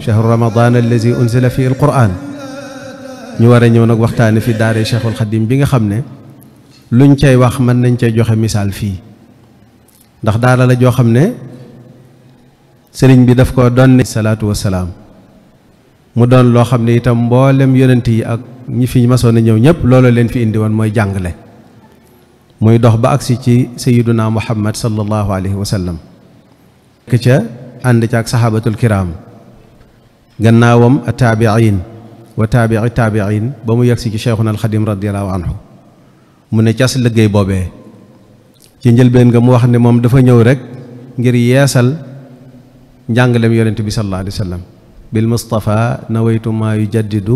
شهر رمضان الذي أنزل فيه القرآن نواري نيو وقتاني في دار الشيخ الخديم بيغا خامني لنشاي تاي واخ من نان تاي جوخي مثال في داخ دار لا جو سرين بي داف كو دون صلاه وسلام مو دون لو خامني ايتام مبولم يوننتي اك ني في ما سون نييو نييب لولو لين في اندي وون موي جانغلي موي دوخ با اكسي محمد صلى الله عليه وسلم كتا اند تاك صحابه الكرام غناوم التابعين وتابعي التابعين بامو يكسي تي شيخنا الخديم رضي الله عنه مو ني تياس لغي بوبي تي نجيل بين غا مو واخني موم دا فا نييو رك غير جانغلم يرنت بسال الله عليه وسلم بالمصطفى نويت ما يجدد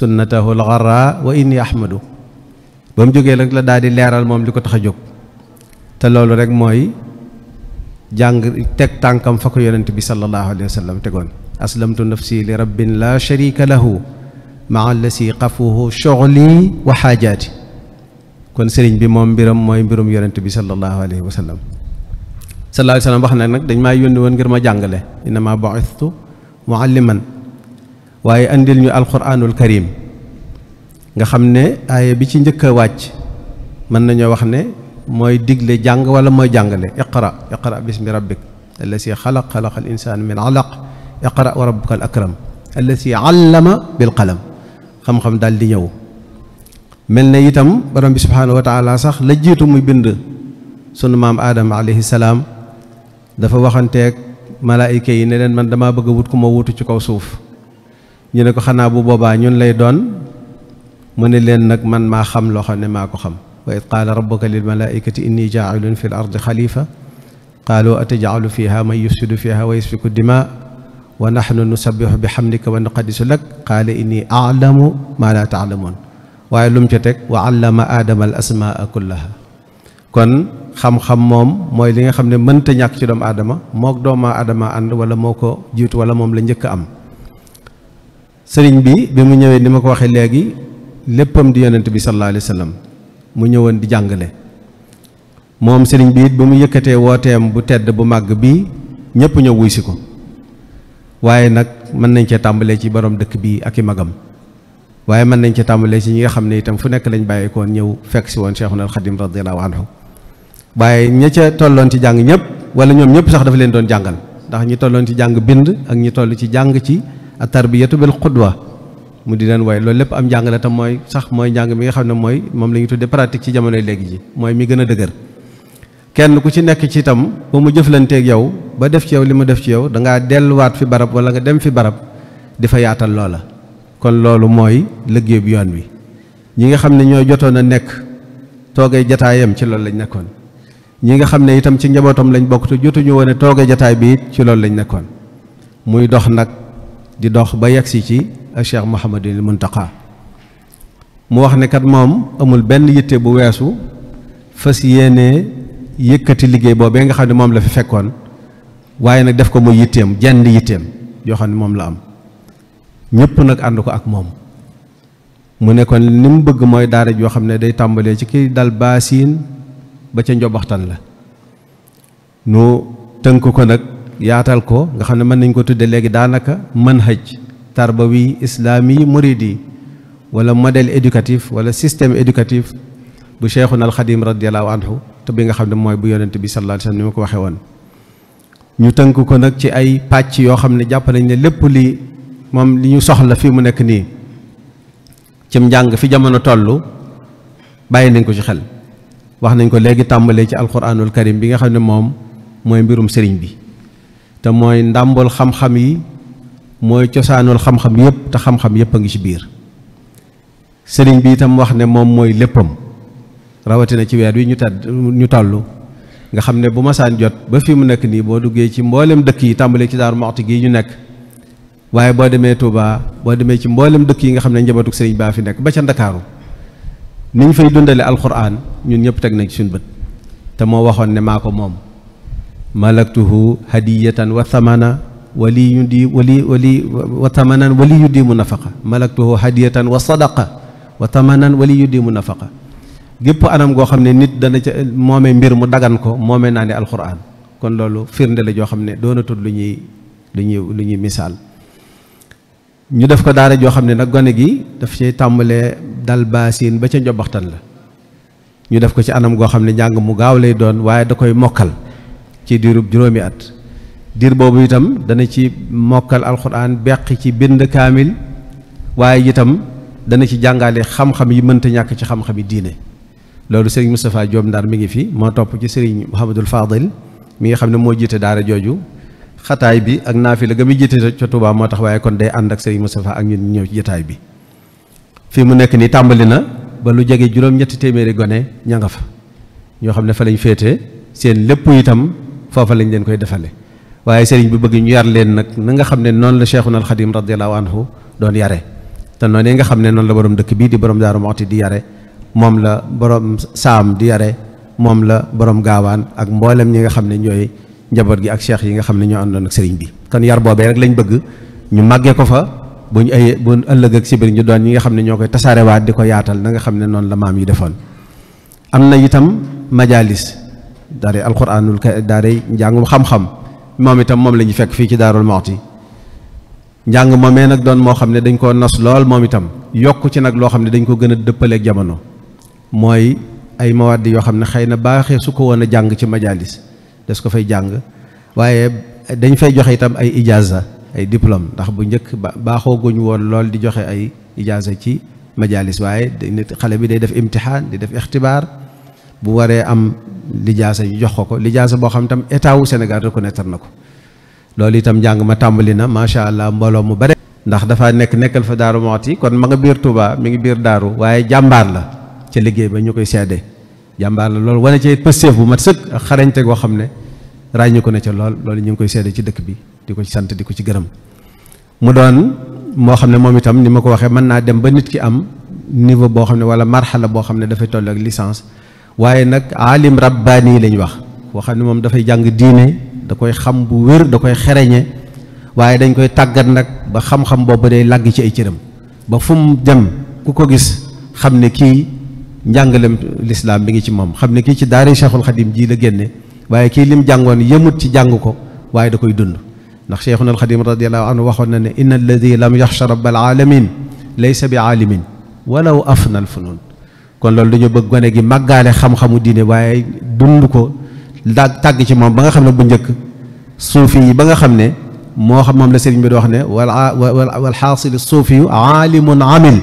سنته الغراء وإني أحمده بمجوك يلنك لدادي ليرا المملكة تخجوك تلول رك موي جانغ تك تانكم فكو يرنت بسال الله عليه وسلم تقول أسلمت نفسي لرب لا شريك له مع الذي قفه شغلي وحاجاتي كون سيرين بي موم بيرم موي بيرم يرنت بسال الله عليه وسلم صلى الله عليه وسلم بخنا نك دنج ما يوني yónni غير ما ma انما بعثت معلما واي انديل ني القران الكريم nga xamne ay bi ci ñëk wàcc man nañu wax ne moy digle jàng wala moy jàngale iqra iqra bismi rabbik allasi khalaq khalaq al insaan min alaq iqra wa rabbukal akram allasi allama bil qalam xam-xam dal di ñëw melne itam borom bi subhanahu wa taala sax la jitu muy bind sunu mam adam alayhi salam dafa waxante ak malaayika yi ne leen man dama bëgg wut ku ma wutu ci kaw suuf ñu ne ko xana bu boba ñun lay doon mu ne len nak man ma xam lo xam ma ko xam wa id qala rabbuka lil malaikati inni ja'ilun fil ardi khalifa qalu ataj'alu fiha man yufsidu fiha wa yusfiku dima wa nahnu nusabbihu bihamdika wa nuqaddisu lak qala inni a'lamu ma la ta'lamun waye lum ci tek wa allama adama al asmaa kullaha kon xam-xam moom mooy li nga xam ne mënta ñàkk ci doomu aadama mook dooma aadama ànd wala moo ko jiitu wala moom la njëkk am sëriñ bi bi mu ñëwee ni ma ko waxee léegi léppam di yonent bi sallallahu alayhi wa mu ñëwoon di jàngale moom sëriñ bi it bi mu yëkkatee wooteem bu tedd bu màgg bi ñëpp ñëw wuy si ko waaye nag mën nañ cee tàmbalee ci borom dëkk bi ak i magam waaye mën nañ cee tàmbalee ci ñi nga xam ne itam fu nekk lañ bàyyeekoon ñëw fekk si woon Cheikhul Khadim radiyallahu anhu waaye ña ca tolloon ci jàng ñëpp wala ñoom ñëpp sax dafa leen doon jàngal ndax ñi tolloon ci jàng bind ak ñi toll ci jàng ci a tarbiyatu bil xudwa mu di leen way loolu lépp am njàng la te mooy sax mooy jàng mi nga xam ne mooy moom la ñu tuddee pratique ci jamonoy léegi ji mooy mi gën a dëgër kenn ku ci nekk ci itam ba mu jëflanteeg yow ba def ci yow li mu def ci yow dangaa ngaa delluwaat fi barab wala nga dem fi barab di fa yaatal loola kon loolu mooy liggéey bi yoon wi ñi nga xam ne ñoo jotoon a nekk toogee jataayam ci loolu lañ nekkoon ñi nga xam ne itam ci njabootam lañu bokk te jotuñu woon tooge jataay bi ci loolu lañ nekkoon muy dox nag di dox ba yegsi ci Cheikh Mouhamadul Muntaqa mu wax ne kat moom amul benn yitte bu weesu fas yéenee yëkkati liggéey boobee nga xam ne moom la fi fekkoon waaye nag def ko muy yitteem jenn yitteem yoo xam ne moom la am ñëpp nag ànd ko ak moom mu nekkoon ni mu bëgg mooy daara joo xam ne day tàmbalee ci kii dal baasiin ba ca njobaxtan la nu tënk ko nag yaatal ko nga xam ne mën nañ koo tuddee léegi daanaka manhaj tarbawi islaami muridi walla modèle éducatif wala système éducatif bu cheikhuna alxadim radiallahu anhu te bi nga xam ne mooy bu yonent bi sallallahu alayhi wasallam ni ma ko waxee woon ñu tënk ko nag ci ay pàcc yoo xam ne jàpp nañ ne lépp li moom li ñu soxla fii mu nekk nii cim njàng fi jamono tollu bàyyi nañ ko ci xel wax nañ ko léegi tàmbalee ci alxuraanul karim bi nga xam ne moom mooy mbirum sëriñ bi te mooy ndàmbool xam-xam yi mooy cosaanul xam-xam yëpp te xam-xam yëpp a ngi ci biir sëriñ bi itam wax ne moom mooy léppam rawatina ci weer wi ñu tàdd ñu tàllu nga xam ne bu saan jot ba fi mu nekk nii boo duggee ci mboolem dëkk yi tàmbalee ci Daaru Muxti gii ñu nekk waaye boo demee Touba boo demee ci mboolem dëkk yi nga xam ne njabootu sëriñ baa fi nekk ba ca Ndakaaru nañ fay dundale alquran ñun ñëpp teg nañ ci suñ bët te moo waxoon ne maa ko moom malaktuhu hadiyatan wa thamana wali yu di wali wali wa thamanan wali yu di mu nafaqa malaktuhu hadiyatan wa sadaqa wa thamanan wali yu di mu nafaqa gépp anam goo xam ne nit dana ca moome mbir mu dagan ko moome naa ne alquran kon loolu firnde la joo xam ne doonatul lu ñuy lu ñuy lu ñuy misaal ñu def ko daara joo xam ne nag gone gi daf cay tàmbalee dal baasin ba ca njobaxtan la ñu def ko ci anam goo xam ne njàng mu gaaw lay doon waaye da koy mokkal ci diirub juróomi at diir boobu itam dana ci mokkal alxuraan beq ci bind kaamil waaye itam dana ci jàngale xam-xam yi mënta ñàkk ci xam-xam yi diine loolu sëriñ Moustapha Diop Ndar mi ngi fi moo topp ci sëriñ Mouhamadul Fadil mi nga xam ne moo jiite daara jooju xataay bi ak naafila ga muy jiite ca Touba moo tax waaye kon day ànd ak Serigne Moustapha ak ñu ñëw ci jotaay bi fii mu nekk nii tàmbali na ba lu jege juróom-ñetti téeméeri gone ña nga fa ñoo xam ne fa lañ féete seen lépp itam foofa lañ leen koy defale waaye Serigne bi bëgg ñu yar leen nag na nga xam ne noonu la Cheikhuna al Khadim radiyallahu anhu doon yare te noonu nga xam ne noonu la borom dëkk bii di borom Daaru Muxti di yare moom la borom saam di yare moom la borom gaawaan ak mboolem ñi nga xam ne ñooy njaboot gi ak cheikh yi nga xam ne ñoo àndoon ak sëriñ bi kon yar boobee rek lañ bëgg ñu màggee ko fa bu ñu ay bu ëllëg ak sibir ñu doon ñi nga xam ne ñoo koy tasaarewaat di ko yaatal na nga xam ne noonu la maam yi defoon am na itam majalis daare alquranul daare njàngum xam moom itam moom la ñu fekk fii ci daarul Muxti njàng moomee nag doon moo xam ne dañ koo nos lool moom itam yokk ci nag loo xam ne dañ ko gën a dëppaleeg jamono mooy ay mawadd yoo xam ne xëy na baaxee su ko woon a jàng ci majalis des ko fay jàng waaye dañ fay joxe itam ay ijaaza ay diplôme ndax bu njëkk baaxooguñu woon lool di joxe ay ijaaza ci majalis waaye xale bi day def imtixaan di def ixtibaar bu waree am lijaasa ñu jox ko ko lijaasa boo xam tam état wu Sénégal reconnaître na ko loolu itam njàng ma tàmbali na macha allah mbooloo mu bare ndax dafa nekk nekkal fa daaru moot yi kon ma nga biir Touba mi ngi biir daaru waaye jàmbaar la ca liggéey ba ñu koy seede jàmbaar loolu wane ci pësteef bu mat sëkk ak xarañte goo xam ne ràññi ko na ca lool loolu ñu ngi koy seede ci dëkk bi di ko ci sant di ko ci gërëm mu doon moo xam ne moom itam ni ma ko waxee mën naa dem ba nit ki am niveau boo xam ne wala marxala boo xam ne dafay toll ak lisans waaye nag aalim rabbaani lañu wax boo xam ne moom dafay jàng diine da koy xam bu wér da koy xereñe waaye dañ koy tàggat nag ba xam-xam boobu day lagg ci ay cëram ba fu njàngalem l'islam bi ngi ci mom xamne ki ci daari cheikhul khadim ji la génne waye ki lim jàngoon yëmut ci jàng ko waye da koy dund ndax cheikhul khadim radiyallahu anhu waxon na ne inna alladi lam yahshar rabbal alamin laysa bi alimin walaw afna al funun kon lolou dañu bëgg gone gi magale xam xam-xamu diine waye dund ko dag tag ci mom ba nga xamne bu ñëk suufi yi ba nga xamne mo xam mom la serigne bi di wax ne wal hasil as-sufi alimun amil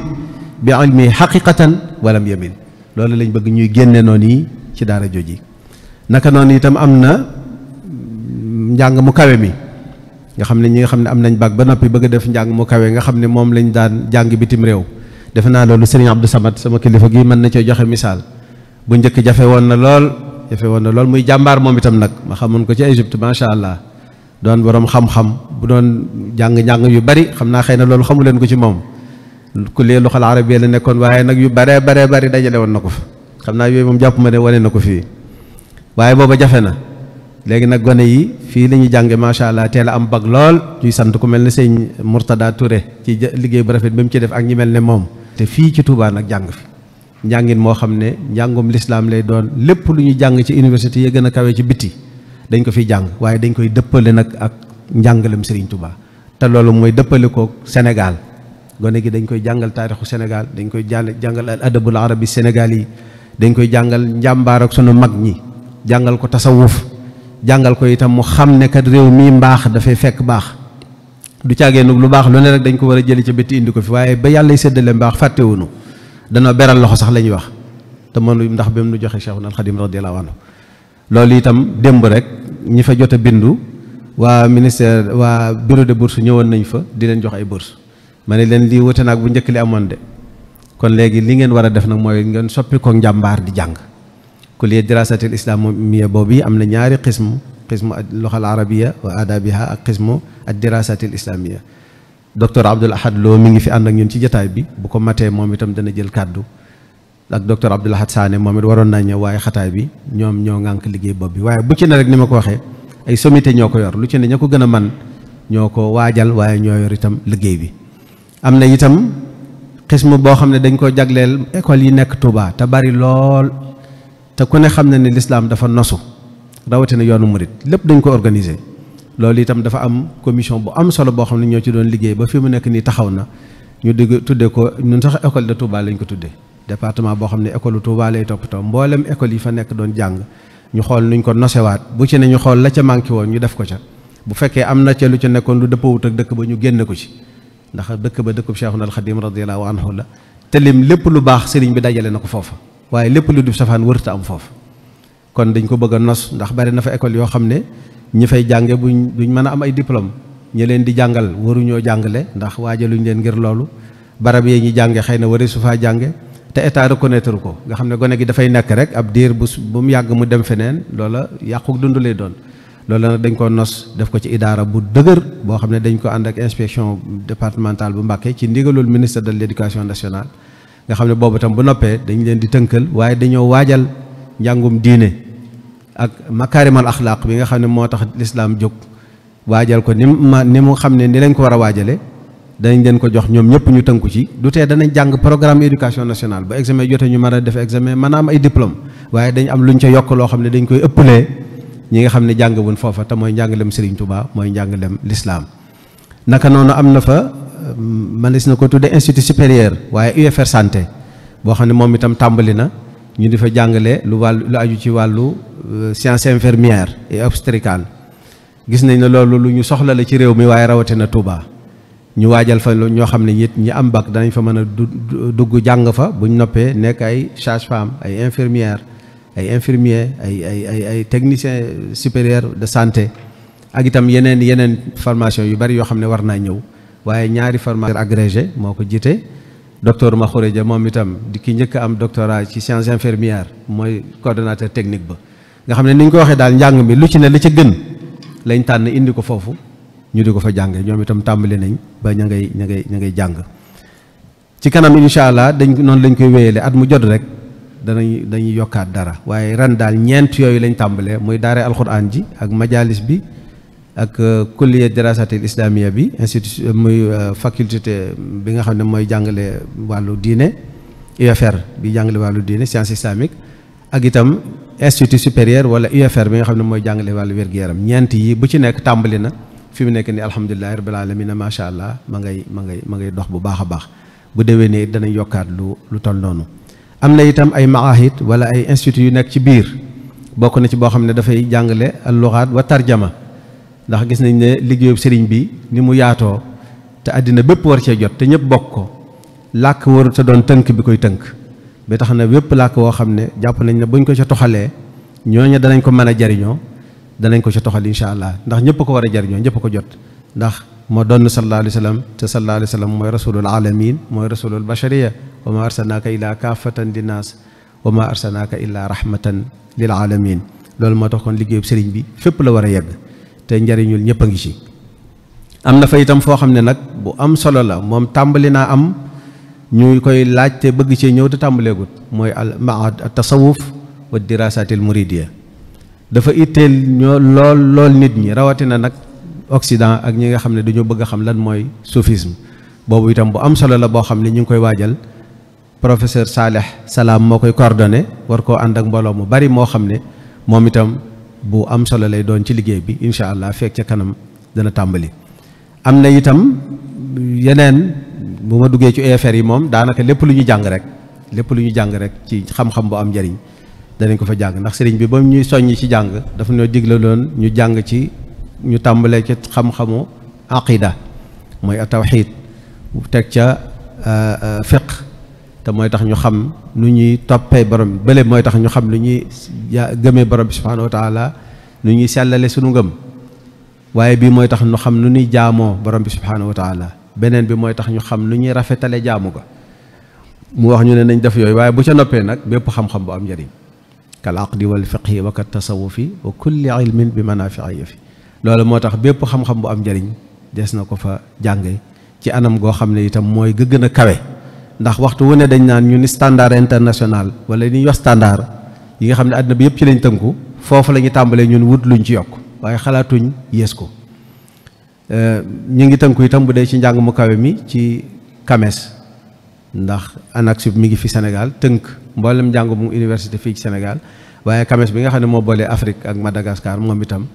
bi ilmi xaqiqatan walam yamin loolu lañ bëgg ñuy génne noonu yi ci daara jooji naka noonu itam am na njàng mu kawe mi nga xam ne ñi nga xam ne am nañ baag ba noppi bëgg a def njàng mu kawe nga xam ne moom lañu daan jàng bitim réew defe naa loolu sëriñ Abdou Samad sama kilifa gi mën na cee joxe misaal bu njëkk jafe woon na lool jafe na lool muy jàmbaar moom itam nag ma xamoon ko ci Égypte macha allah doon borom xam-xam bu doon jàng jàng yu bari xam naa xëy na loolu xamu leen ko ci moom. ku lee loxal arabiya la nekkoon waaye nag yu baree baree bari dajale woon na ko fa xam naa yooyu moom jàpp ma ne wane na ko fii waaye booba jafe na léegi nag gone yi fii lañuy ñuy jànge macha allah teel a am bag lool ñuy sant ku mel ne sëñ Mourtada Touré ci liggéey bu rafet bi mu ci def ak ñi mel ne moom te fii ci Touba nag jàng fi njàngin moo xam ne njàngum lislaam lay doon lépp lu ñuy jàng ci université yi gën a kawe ci biti dañ ko fiy jàng waaye dañ koy dëppale nag ak njàngalem Serigne Touba te loolu mooy dëppale ko Sénégal gone gi dañ koy jangal taarixu Sénégal dañ koy jangal al adabul arabi Sénégal yi dañ koy jangal njambar ak sunu mag ñi jangal ko tasawuf jangal ko itam mu xamne kat rew mi mbax da fay fekk bax du caagee nag lu bax lu ne rek dañ ko wara a ci ca indi ko fi waye ba yàlla séddale mbaax fàttewunu danoo beral loxo sax lañ wax te manu ndax bi nu joxe Cheikhul Khadim radiyallahu anhu loolu itam demb rek ñi fa jotta bindu wa ministère wa bureau de bourse ñëwoon nañ fa di leen jox ay bourse mané len li lii wute naag bu ñëk li amoon de kon légui li ngeen wara def nak moy ngeen soppi ko njàmbaar di jàng kulliyat dirasatil islam boobu am amna ñaari qism qism al-lugha al-arabiyya wa adabiha ak qism ad dirasatil islamiyya docteur Abdoul Ahad Lo mi ngi fi ànd ak ñun ci jotaay bi bu ko maté mom itam dana jël kàddu ak docteur Abdoul Ahad Sané moom it waroon naa ñëw waaye xataay bi ñom ño ngànk liggéey bopp bi waaye bu ci ne rek nima ko waxe ay sommité ñoko yor lu ci ne ñako gëna man ñoko ko waajal waaye ñoo yor itam liggéey bi am na itam xismu boo xam ne dañ ko jagleel école yi nekk Touba te bari lool te ku ne xam na ni lislaam dafa nosu rawatina yoonu murit lépp dañ ko organiser loolu itam dafa am commission bu am solo boo xam ne ñoo ci doon liggéey ba fi mu nekk nii taxaw na ñu digg tuddee ko ñun sax école de Touba lañ ko tudde département boo xam ne école Touba lay toppatoo mboolem école yi fa nekk doon jàng ñu xool nuñ ko nosewaat bu ci ne ñu xool la ca manqué woon ñu def ko ca bu fekkee am na ca lu ca nekkoon lu dëppawut ak dëkk ba ñu génn ko ci ndax dëkk ba dëkkub Cheikhuna al Xadim radiyallahu anhu la te lim lépp lu baax sëriñ bi dajale na ko foofa waaye lépp lu dib safaan wërta am foofu kon dañ ko bëgg a nos ndax bari na fa école yoo xam ne ñi fay jànge buñ ñu mën a am ay diplôme ñi leen di jàngal waruñoo jàngale ndax waajaluñ leen ngir loolu barab yee ñi jànge xëy na waree su faa jànge te état reconnaître ko nga xam ne gone gi dafay nekk rek ab diir bu bu mu yàgg mu dem feneen loola yàqu dund lay doon loolu nag dañ ko nos def ko ci idaara bu dëgër boo xam ne dañ ko ànd ak inspection départementale bu Mbàkke ci ndigalul ministre de l' éducation nationale nga xam ne boobu itam bu noppee dañ leen di tënkal waaye dañoo waajal njàngum diine ak makaarimal axlaaq bi nga xam ne moo tax lislaam jóg waajal ko ni ma ni mu xam ne ni lañ ko war a waajale danañ leen ko jox ñoom ñëpp ñu tënku ci du tee dana jàng programme éducation nationale ba examen jotee ñu mën a def examen mën ay diplôme waaye dañ am luñ ca yokk loo xam ne dañ koy ëppalee ñi nga xam ne jàngawuñ foofa te mooy njàngalem Serigne Touba mooy njàngalem lislaam naka noonu am na fa euh, manis na ko tudde institut supérieur waaye UFR santé boo xam ne moom itam tàmbali na ñu di fa jàngale lu wàll lu aju ci wàllu euh, science infirmière et obstétricale gis nañ ne loolu lu ñu soxla la ci réew mi waaye rawatina Touba ñu waajal fa ñoo xam ne it ñi am bac danañ fa mën a dugg jàng fa bu buñ noppee nekk ay sage-femme ay infirmière ay infirmier ay ay ay ay technicien supérieur de santé ak itam yeneen yeneen formation yu bari yoo xam ne war naa ñëw waaye ñaari formation agrégé moo ko jiite docteur Makhouredia Dia moom itam di ki njëkk am doctorat ci science infirmière mooy coordonnateur technique ba nga xam ne ni ñu ko waxee daal njàng mi lu ci ne li ca gën lañ tànn indi ko foofu ñu di ko fa jànge ñoom itam tàmbali nañ ba ña ngay ña ngay ña ngay jàng ci kanam incha allah dañ noonu lañ koy wéyale at mu jot rek danañ dañuy yokkaat dara waaye ren daal ñeent yooyu lañ tàmbalee muy daare alxuraan ji ak majalis bi ak euh, kulliya dirasatil islamiya bi institut euh, muy euh, faculté bi nga xam ne mooy jàngale wàllu diine UFR bi jàngale wàllu diine science islamique ak itam institut supérieur wala UFR bi nga xam ne mooy jàngale wàllu wér-gu-yaram ñeent yi bu ci nekk tàmbali na fi mu nekk ni alhamdulilahi rabbil alamina macha allah ma ngay ma ngay ma ngay dox bu baax a baax bu déwénee danañ yokkaat lu lu toll noonu amna itam ay maahid wala ay institut yu nek ci bir bokku na ci bo xamne da fay jàngale al lughat wa tarjama ndax gis nañ ne liggéeyub serigne bi ni mu yaato te adina bépp war ci jot te ñep bokko lak war ta don teunk bi koy teunk be tax na wépp lak wo xamne jàpp nañ ne buñ ko ca toxalee ñooñu danañ ko mëna jariño jariñoo danañ ko ci toxal inshallah ndax ñep ko wara jariño ñep ko jot ndax mo don sallallahu alayhi wasallam sallam te sallallahu alayhi wasallam moy rasulul alamin moy rasulul bashariyah وما أرسلناك إلا كافة للناس وما أرسلناك إلا رحمة للعالمين لول ما تكون لجيب سرين بي فيبل ورا يبغى تنجري نقول نبغيشي أم نفعي تام فوق أم نك بو أم صلى الله مم تامبلنا أم نيو كوي لاج تبغيشي نيو تامبله غد موي مع التصوف والدراسة المريدية دفع إتل نيو لول لول ندني رواتنا نك أكسيدان أغنيغا خامنة دنيو بغا خاملان موي صوفيزم بو بو بو أم صلى الله بو خاملة نيو كوي واجل professeur Saleh Salaam moo koy coordonné war koo ànd ak mbooloo mu bari moo xam ne moom itam bu am solo lay doon ci liggéey bi incha allah fekk ca kanam dana tàmbali. am na itam yeneen bu ma duggee ci UFR e yi moom daanaka lépp lu ñu jàng rek lépp lu ñu jàng rek ci xam-xam bu am njariñ danañ ko fa jàng ndax sëriñ bi ba ñuy soññ ci jàng dafa ñoo digle doon ñu jàng ci ñu tàmbalee ci xam-xamu aqida mooy tawxiid teg ca euh, euh, fiq te mooy tax ñu xam nu ñuy toppee borom bi bële mooy tax ñu xam lu ñuy gëmee borom bi subhaanahu wa taala nu ñuy sellale sunu ngëm waaye bii mooy tax ñu xam nu ñuy jaamoo borom bi subhaanahu wa taala beneen bi mooy tax ñu xam nu ñuy rafetale jaamu ko mu wax ñu ne nañ def yooyu waaye bu ca noppee nag bépp xam-xam bu am njëriñ kal aqdi wal fiqhi wa kat tasawufi wa kulli ilmin bi manaafi'i fi loolu moo tax bépp xam-xam bu am njëriñ des na ko fa jànge ci anam goo xam ne itam mooy gëgën a kawe ndax waxtu wone dañ nan ñu ni standard international wala ni yo standard yi nga xamne ne bi yep ci lañ teunku fofu lañu tambalé ñun wut luñ ci yok waye xalaatuñ yées ko euh, ñi ngi teunku itam bu dé ci njàng mu kawé mi ci kames ndax anaq mi ngi fi Sénégal teunk mbolam njàng mu université fi ci Sénégal waye kames bi nga xamne mo bolé Afrique ak Madagascar mom itam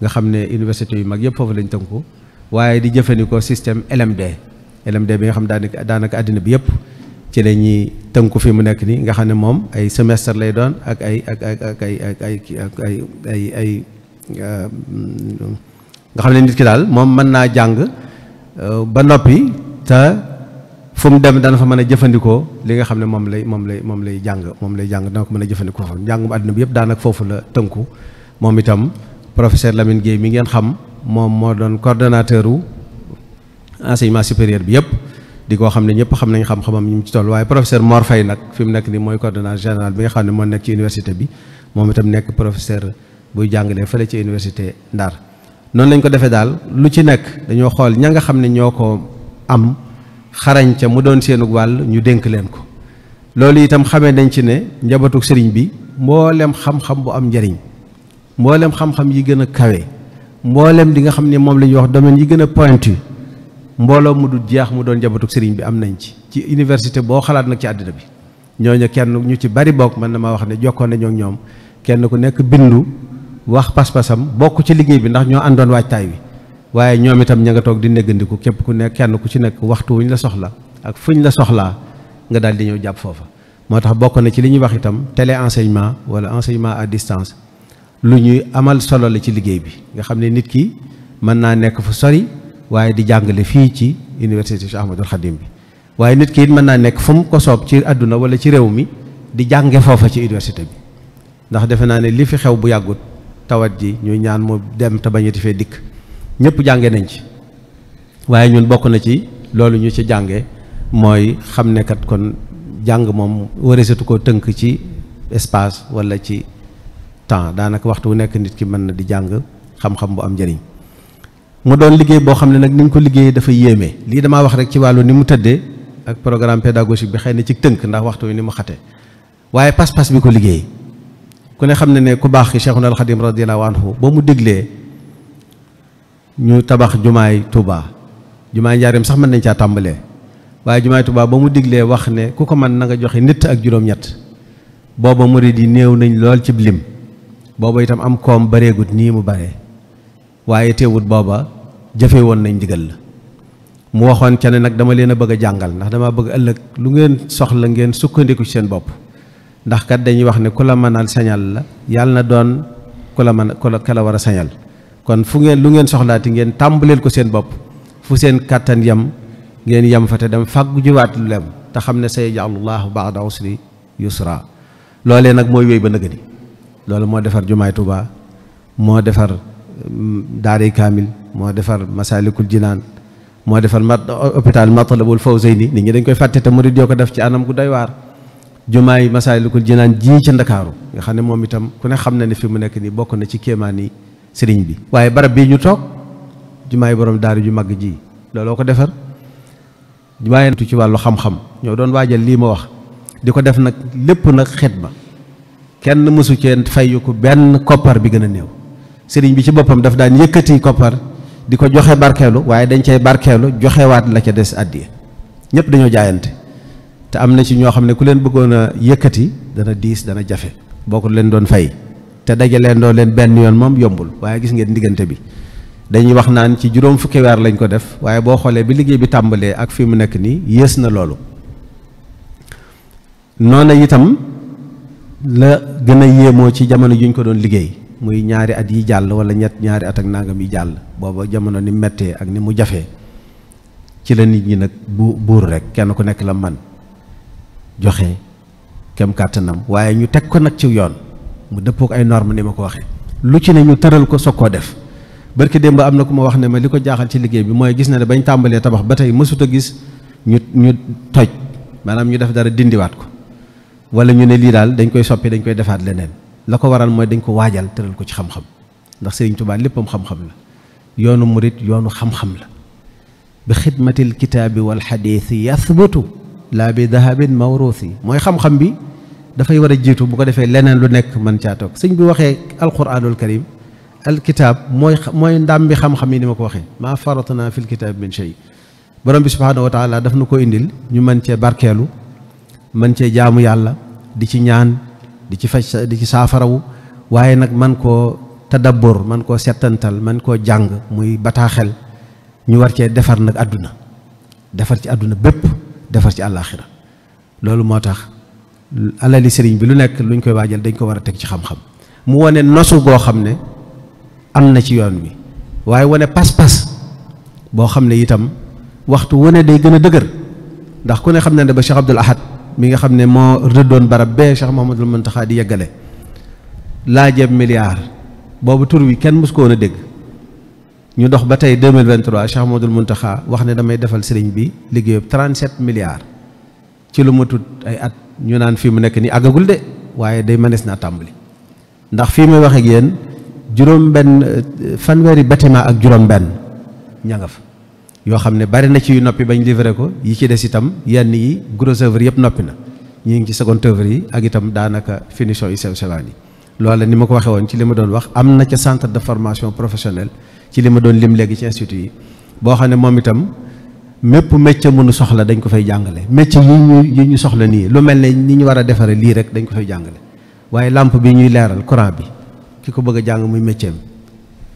nga xamne université yu mag yep fofu lañ teunku waye di système LMD LMD bi nga xam daanaka daanaka àddina bi yëpp ci la ñuy tënku fi mu nekk nii nga xam ne moom ay semestre lay doon ak ay ak ak ak ay ak ay ay ay euh, nga xam ne nit ki daal moom mën naa jàng euh, ba noppi te fu mu dem dana fa mën a jëfandikoo li nga xam ne moom lay moom lay moom lay jàng moom lay jàng dana ko mën a jëfandikoo foofu njàngum àddina bi yëpp daanaka foofu la tënku moom itam professeur lamin Guèye mi ngeen xam moom moo doon coordonnateur wu enseignement supérieur bi yëpp di koo xam ne ñëpp xam nañ xam-xamam ñu ci toll waaye professeur Mor Faye nag fi mu nekk nii mooy coordonnateur général bi nga xam ne moo nekk ci université bi moom itam nekk professeur buy jàngalee fële ci université Ndar noonu lañ ko defee daal lu ci nekk dañoo xool ña nga xam ne ñoo ko am xarañ ca mu doon seenug wàll ñu dénk leen ko loolu itam xamee nañ ci ne njabootu sëriñ bi mboolem xam-xam bu am njëriñ mboolem xam-xam yi gën a kawe mboolem di nga xam ne moom la ñuy wax domaine yi gën a pointu mbooloo mu du jeex mu doon jabatu sëriñ bi am nañ ci ci université boo xalaat nag ci àddina bi ñooñu kenn ñu ci bari bokk man dama wax ne jokkoon nañoo ak ñoom kenn ku nekk bindu wax pas-pasam bokk ci liggéey bi ndax ñoo àndoon waajtaay wi waaye ñoom itam ña nga toog di néggandiku képp ku nekk kenn ku ci nekk waxtu wuñ la soxla ak fuñ la soxlaa nga daal di ñëw jàpp foofa. moo tax bokk na ci li ñuy wax itam télé enseignement wala enseignement à distance lu ñuy amal solo la ci liggéey bi nga xam ne nit ki mën naa nekk fu sori. waaye di jàngale fii ci université Cheikh Ahmadul Khadim bi waaye nit kii it mën naa nekk fu mu ko soob ci àdduna wala ci réew mi di jànge foofa ci université bi ndax defe naa ne li fi xew bu yàggut tawat ji ñuy ñaan mu dem te bañati fee dikk ñëpp jànge nañ ci waaye ñun bokk na ci loolu ñu ci jànge mooy xam ne kat kon jàng moom wareesatu ko tënk ci espace wala ci temps daanaka waxtu wu nekk nit ki mën na di jàng xam-xam bu am njëriñ mu doon liggéey boo xam ne nag ni nga ko liggéeyee dafa yéeme lii damaa wax rek ci wàllu ni mu tëddee ak programme pédagogique bi xëy na cig tënk ndax waxtu wi ni mu xate waaye pas-pas bi ko liggéey ku ne xam ne ne ku baax ki Cheikhuna al Khadim radiyallahu anhu ba mu déglee ñu tabax jumaay Touba jumaay njaareem sax mën nañ caa tàmbalee waaye jumaay Touba ba mu diglee wax ne ku ko mën na nga joxe nit ak juróom-ñett booba murid yi néew nañ lool ci lim booba itam am koom bareegut nii mu bare waaye teewut booba jëfe woon nañ ndigal la mu waxoon ca ne nag dama leen a bëgg a jàngal ndax dama bëgg ëllëg lu ngeen soxla ngeen sukkandiku ci seen bopp ndax kat dañuy wax ne ku la mënal sañal la yàlla na doon ku la mën ku la war a sañal kon fu ngeen lu ngeen soxlaati ngeen tàmbaleel ko seen bopp fu seen kàttan yem ngeen yem fa te dem fàggu jiwaat lu lem te xam ne say jaalullahu baada usri yusra loolee nag mooy wéy ba nëgëni loolu moo defar jumaay Tuubaa moo defar mm, daaray kaamil moo defar masaalikul jinaan moo defar ma hôpital matlabul fawzayni nit ñi dañ koy fàtte te murid yoo ko def ci anam gu doy waar jumaay masaalikul jinaan ji ci ndakaaru nga xam ne moom itam ku ne xam na ne fi mu nekk nii bokk na ci kéemaan yi sëriñ bi waaye barab bii ñu toog jumaay borom daara ju mag ji looloo ko defar jumaay tu ci wàllu xam-xam ñoo doon waajal lii ma wax di ko def nag lépp nag xet ba kenn mësu ceen fayu ko benn koppar bi gën a néew sëriñ bi ci boppam daf di ko joxe barkeelu waaye dañ cay barkeelu joxewaat la ca des àddiya ñëpp dañoo jaayante te am na ci ñoo xam ne ku leen bëggoon a yëkkati dana diis dana jafe boo ko leen doon fay te daje leen doon leen benn yoon moom yombul waaye gis ngeen diggante bi dañuy wax naan ci juróom fukke weer lañ ko def waaye boo xoolee bi liggéey bi tàmbalee ak fi mu nekk nii yées na loolu noona itam la gën a yéemoo ci jamono juñ ko doon liggéey muy ñaari at yi jàll wala ñett ñaari at ak nangam yi jàll booba jamono ni mettee ak ni mu jafee ci la nit ñi nag bu buur rek kenn ku nekk la man joxe kem kàttanam waaye ñu teg ko nag ci yoon mu dëppook ay norme ni ma ko waxee lu ci ne ñu tëral ko soog koo def barki démb am na ku ma wax ne ma li ko jaaxal ci liggéey bi mooy gis na ne bañ tàmbalee tabax ba tey mësut a gis ñu ñu toj maanaam ñu def dara dindiwaat ko wala ñu ne lii daal dañ koy soppi dañ koy defaat leneen la ko waral mooy dañ ko waajal tëral ko ci xam-xam ndax sëriñ Tuubaa léppam xam-xam la yoonu murit yoonu xam-xam la bi xidmatil kitaabi wal xadiisi yathbutu laa bi dahabin mawruusi mooy xam-xam bi dafay war a jiitu bu ko defee leneen lu nekk mën caa toog sëñ bi waxee alquranul karim alkitaab mooy mooy ndam bi xam-xam yi ni ma ko waxee maa faratna fil kitaab min shay borom bi subhaanahu wa taala daf na ko indil ñu mën cee barkeelu mën cee jaamu yàlla di ci ñaan di ci faj sa di ci saafarawu waaye nag man koo tadabbur man koo setantal man koo jàng muy bataaxel ñu war cee defar nag àdduna defar ci àdduna bépp defar ci àllaaxira loolu moo tax alali sëriñ bi lu nekk luñ koy waajal dañ ko war a teg ci xam-xam mu wane nosu goo xam ne am na ci yoon wi waaye wane pas-pas boo xam ne itam waxtu wane day gën a dëgër ndax ku ne xam na ne ba Cheikh Abdoul Ahad mi nga xam ne moo rëddoon barab bee Cheikh Mouhamadul xaa di yeggale laajeeb milliard boobu tur wi kenn mës ko a dégg ñu dox ba tey 2023 Cheikh Mouhamadul xaa wax ne damay defal sëriñ bi liggéeyub 37 milliards ci lu matut ay at ñu naan fii mu nekk ni àggagul de waaye day manees naa tàmbali ndax fii may waxee ak yéen juróom benn fanweeri bâtiment ak juróom benn ña nga fa yoo xam ne bari na ci yu noppi bañ livré ko yi ci des itam yenn yi gros œuvre yëpp noppi na ñi ngi ci second œuvre yi ak itam daanaka finition yi sew sewaan yi loola ni ma ko waxee woon ci li ma doon wax am na ca centre de formation professionnelle ci li ma doon lim léegi ci institut yi boo xam ne moom itam mépp métier mënu soxla dañ ko fay jàngale métier yi ñu yi ñu soxla nii lu mel ne ni ñu war a defaree lii rek dañ ko fay jàngale waaye làmp bi ñuy leeral courant bi ki ko bëgg jàng muy métier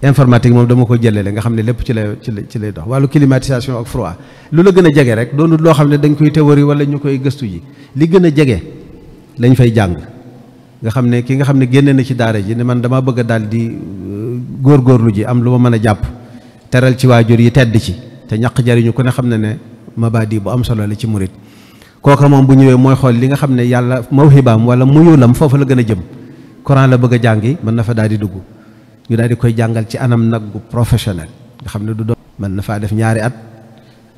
informatique moom dama ko jëlele nga xam ne lépp ci lay ci lay ci lay dox wàllu climatisation ak froid lu la gën a jege rek doonul loo xam ne dañ koy théorie wala ñu koy gëstu ji li gën a jege lañ fay jàng nga xam ne ki nga xam ne génne na ci daara ji ne man damaa bëgg a daal di euh, góorgóorlu ji am lu ma mën a jàpp teral ci waajur yi tedd ci te ñaq jariñu ko ne xam ne ne ma mabaadi bu am solo la ci murit kooka moom bu ñëwee mooy xool li nga xam ne yàlla mawhibaam wala muyulam foofu la gën a jëm Quran la bëgg a jàngi mën na fa daal di dugg ñu daal di koy jàngal ci anam nag bu professionnel nga xam ne du doon mën na faa def ñaari at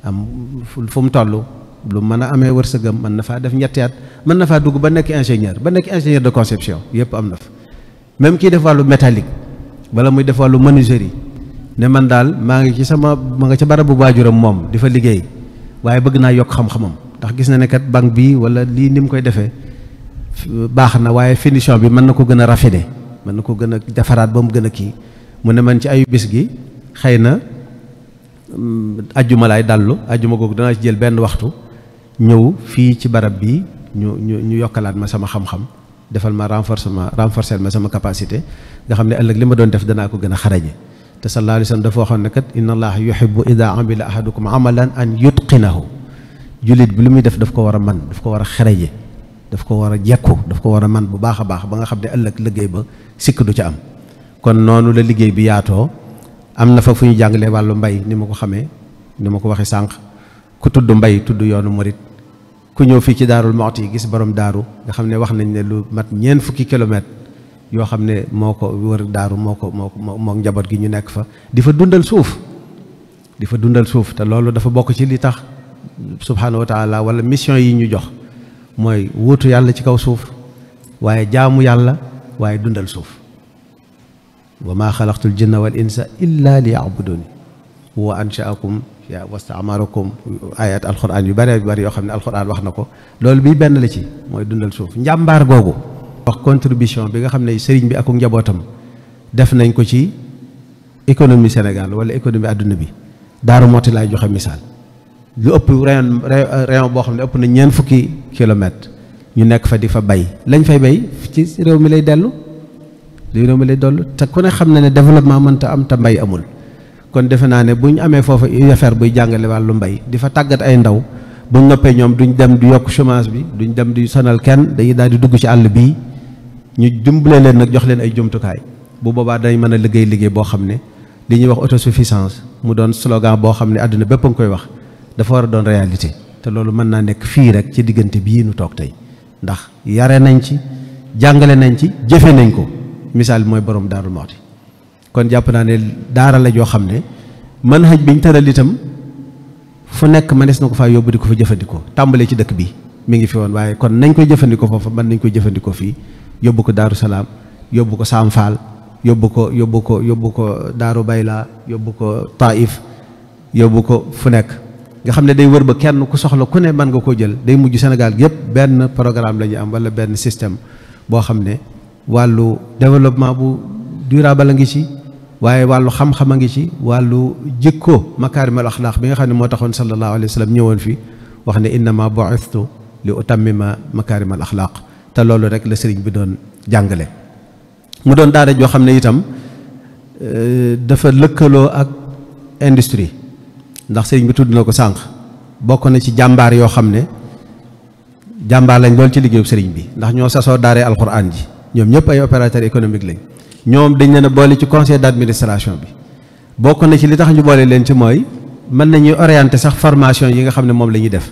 am fu mu toll lu mën a amee war wërsëgam mën na faa def ñetti at mën na faa dugg ba nekk ingénieur ba nekk ingénieur de conception yëpp am na fa même kii def wàllu métallique wala muy def wàllu menuiserie ne man daal maa ngi ci sama mu nga ca barabu waajuram moom di fa liggéey waaye bëgg naa yokk xam-xamam ndax gis na ne kat banque bi wala lii ni mu koy defee baax na waaye finition bi mën na ko gën a raffiné mën na ko gën a defaraat ba mu gën a kii mu ne man ci ayu bis gi xëy na ajjuma laay dallu ajjuma googu danaa ci jël benn waxtu ñëw fii ci barab bi ñu ñu ñu yokkalaat ma sama xam-xam defal ma renforcement renforcer ma sama capacité nga xam ne ëllëg li ma doon def danaa ko gën a xarañe te sallallahu alayhi wa sallam dafa waxoon ne kat inna allaha yuhibbu ida amila ahadukum amalan an yutqinahu jullit bi lu muy def daf ko war a man daf ko war a xarañe daf ko war a jekku daf ko war a man bu baax a baax ba nga xam ne ëllëg liggéey ba sikk du ca am kon noonu la liggéey bi yaatoo am na fa fu ñu jàngalee wàllu mbay ni ma ko xamee ni ma ko waxee sànq ku tudd mbay tudd yoonu morit ku ñëw fii ci daarul yi gis borom daaru nga xam ne wax nañ ne lu mat ñeent fukki kilomètre yoo xam ne moo ko wër daaru moo ko moo moo njaboot gi ñu nekk fa di fa dundal suuf di fa dundal suuf te loolu dafa bokk ci li tax subhaanahu wa wala mission yi ñu jox moy wuutu yàlla ci kaw suuf waye jaamu yàlla waye dundal suuf wama khalaqtul jinna wal insa illa liya'budun wa anshaakum ya wastaamarakum ayat alquran yu bari bari yo xam alquran wax na ko bi ben la ci moy dundal suuf njambar gogo wax contribution bi nga xamne serigne bi ak njabotam def nañ ko ci économie Sénégal wala économie aduna bi daru moti lay joxe misal lu ëpp rayon rayon boo xam ne ëpp na ñeent fukki kilomètre ñu nekk fa di fa bay lañ fay bay ci réew mi lay dellu li réew mi lay dellu te ku ne xam na ne développement mënta am te mbay amul kon defe naa ne bu ñu amee foofa UFR buy jàngale wàllu mbay di fa tàggat ay ndaw bu noppee ñoom duñ dem di yokk chômage bi duñ dem di sonal kenn dañuy daal di dugg ci àll bii ñu dimbale leen nag jox leen ay jumtukaay bu boobaa day mën a liggéey liggéey boo xam ne li ñuy wax autosuffisance mu doon slogan boo xam ne àdduna bépp a ngi koy wax dafa war a doon réalité te loolu mën naa nekk fii rek ci diggante bii nu toog tey ndax yare nañ ci jàngale nañ ci jëfe nañ ko misaal bi mooy borom daarul moxti kon jàpp naa ne daara la joo xam ne mën xëj biñ tëral itam fu nekk manees na ko faa yóbbu di ko fa jëfandikoo tàmbalee ci dëkk bi mu ngi fi woon waaye kon nañ koy jëfandikoo foofa mën nañ koy jëfandikoo fii yóbbu ko daaru salaam yóbbu ko saam yóbbu ko yóbbu ko yóbbu ko daaru bayla yóbbu ko taif ko fu nekk nga xamne day wër ba kenn ku soxla ku ne man nga ko jël day mujj Sénégal yëpp benn programme lañu am wala benn système boo xam ne wàllu développement bu durable a ngi ci waaye wàllu xam-xam a ngi ci wàllu jikko al axlaaq bi nga xam ne moo taxoon sallallahu alayhi wa sallam ñëwoon fi wax ne innama bu'ithtu li utammima al axlaaq te loolu rek la sëriñ bi doon jàngale mu doon daara joo xam ne itam dafa lëkkaloo ak industrie ndax sëriñ bi tudd na ko sànq bokk na ci jàmbaar yoo xam ne jàmbaar lañ lool ci liggéeyu sëriñ bi ndax ñoo sasoo daaree alxuraan ji ñoom ñëpp ay opérateur économique lañ ñoom dañ leen boole ci conseil d'administration bi bokk na ci li tax ñu boole leen ci mooy mën nañuy orienter sax formation yi nga xam ne moom la ñuy def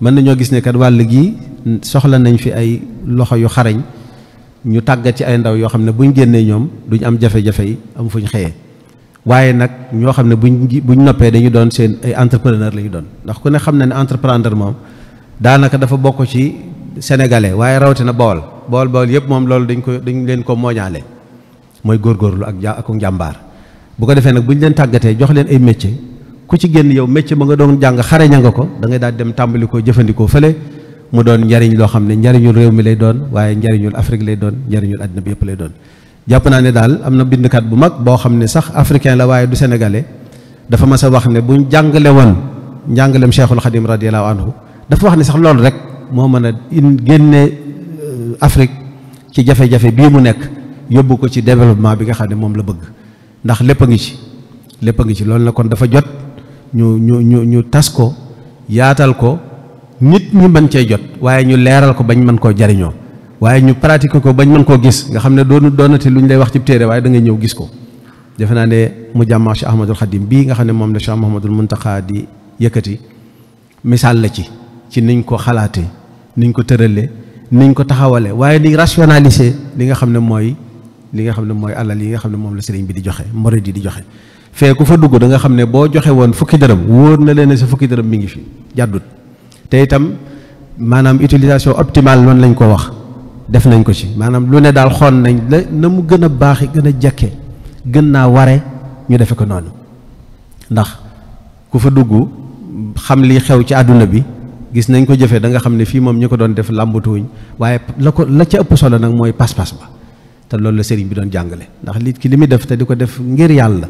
mën nañoo gis ne kat wàll gi soxla nañ fi ay loxo yu xarañ ñu tàggat ci ay ndaw yoo xam ne buñ génnee ñoom duñ am jafe-jafe yi am fuñ xëyee. waaye nag ñoo xam ne buñ ñu noppee dañu doon seen ay entrepreneur la ñu doon ndax ku ne xam na ne entrepreneur moom daanaka dafa bokk ci sénégalais waaye rawatina Bawol Bawol Bawol yëpp moom loolu dañ ko dañu leen ko mooñaale mooy góorgóorlu ak ja ak njàmbaar bu ko defee nag bu ñu leen tàggatee jox leen ay métier ku ci génn yow métier ba nga doon jàng xare nga ko da ngay daal dem tàmbali koo jëfandikoo fële mu doon njariñ loo xam ne njariñul réew mi lay doon waaye njariñul Afrique lay doon njariñul àddina bi yëpp lay doon jàpp naa ne daal am na bindkat bu mag boo xam ne sax africain la waaye du sénégalais dafa mas a wax ne bu buñ jàngale woon njàngalem cheikhul xadim radiallahu anhu dafa wax ne sax loolu rek moo mën a in euh, Afrique ci jafe-jafe mu nekk yóbbu ko ci développement bi nga xam ne moom la bëgg ndax lépp a ngi ci lépp a ngi ci loolu na kon dafa jot ñu ñu ñu ñu tas ko yaatal ko nit ñi mën cee jot waaye ñu leeral ko bañ mën koo jariñoo waye ñu pratiquer ko bañ mën ko gis nga xamne do doonu doonati lu ñu lay wax ci téré waye da nga ñëw gis ko def na ne mu jamma Cheikh Ahmadul khadim bi nga xamne mom la Cheikh mohammedul Muntaxa di yëkkati misaal la ci ci niñ ko xalaté niñ ko teurelé niñ ko taxawale waye di rationaliser li nga xamne moy li nga xamne moy alal yi nga xamne mom la serigne bi di joxe morit di joxe fé ku fa dugg da nga xamne bo joxe won fukki dërëm wóor na leen ci fukki dërëm mi ngi fi jàddut te itam manam utilisation optimale non lañ ko wax def nañ ko ci manam lu ne dal xon nañ na mu gëna a gëna gën gëna ware ñu def ko nonu ndax ku fa duggu xam li xew ci aduna bi gis nañ ko jëfé da nga xam ne fii moom ñu ko doon def làmbatuwuñ waye la ko la ci ëpp solo nak moy pass pass ba te loolu la sëriñ bi doon jàngale ndax li ki limi def te diko def ngir yàlla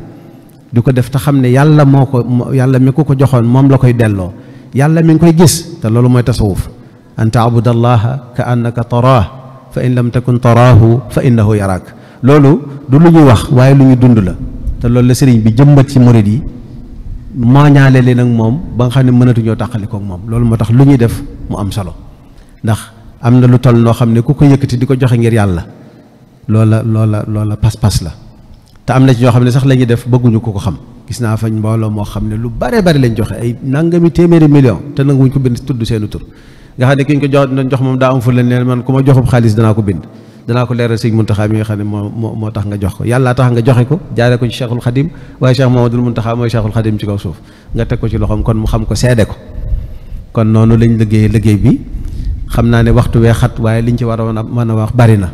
diko def ta xamné yàlla moko yàlla mi ko ko joxoon mom la koy dello yàlla mi ngi koy gis te loolu moy tasawuf an taabudallaha ka annaka tarah فإن لم تكن تراه فإنه يراك لولو دلني وح وايلني دندلا تلول لسرين بجمعت مريدي ما نعلي لنا مم بنخان من الدنيا تخلكم مم لول ما تخلني دف مأمسلو نخ أمن لطال نخم نكوك يكتي دكوا جه غير الله لولا لولا لولا بس بس لا تأمن جه خم نسخ لني دف بعو نكوك خم كيسنا فين بالو ما خم نلو بره بره لنجوه أي نعمي تمر مليون تنعو نكوك بنتود سينو تور nga xamne kiñ ko jox na jox mom da am fu leen leen man kuma ma joxub xaalis danaa ko bind dana ko leral seigne muntaha mi nga xam mo moo tax nga jox ko yàlla tax nga joxe ko jaare ko ci Cheikhul Khadim way Cheikh mamadou muntaha moy Cheikhul Khadim ci kaw suuf nga tek ko ci loxom kon mu xam ko sédé ko kon nonu lañ liggéey liggéey bi xamna ne waxtu we xat waye liñ ci wara a mëna wax bari na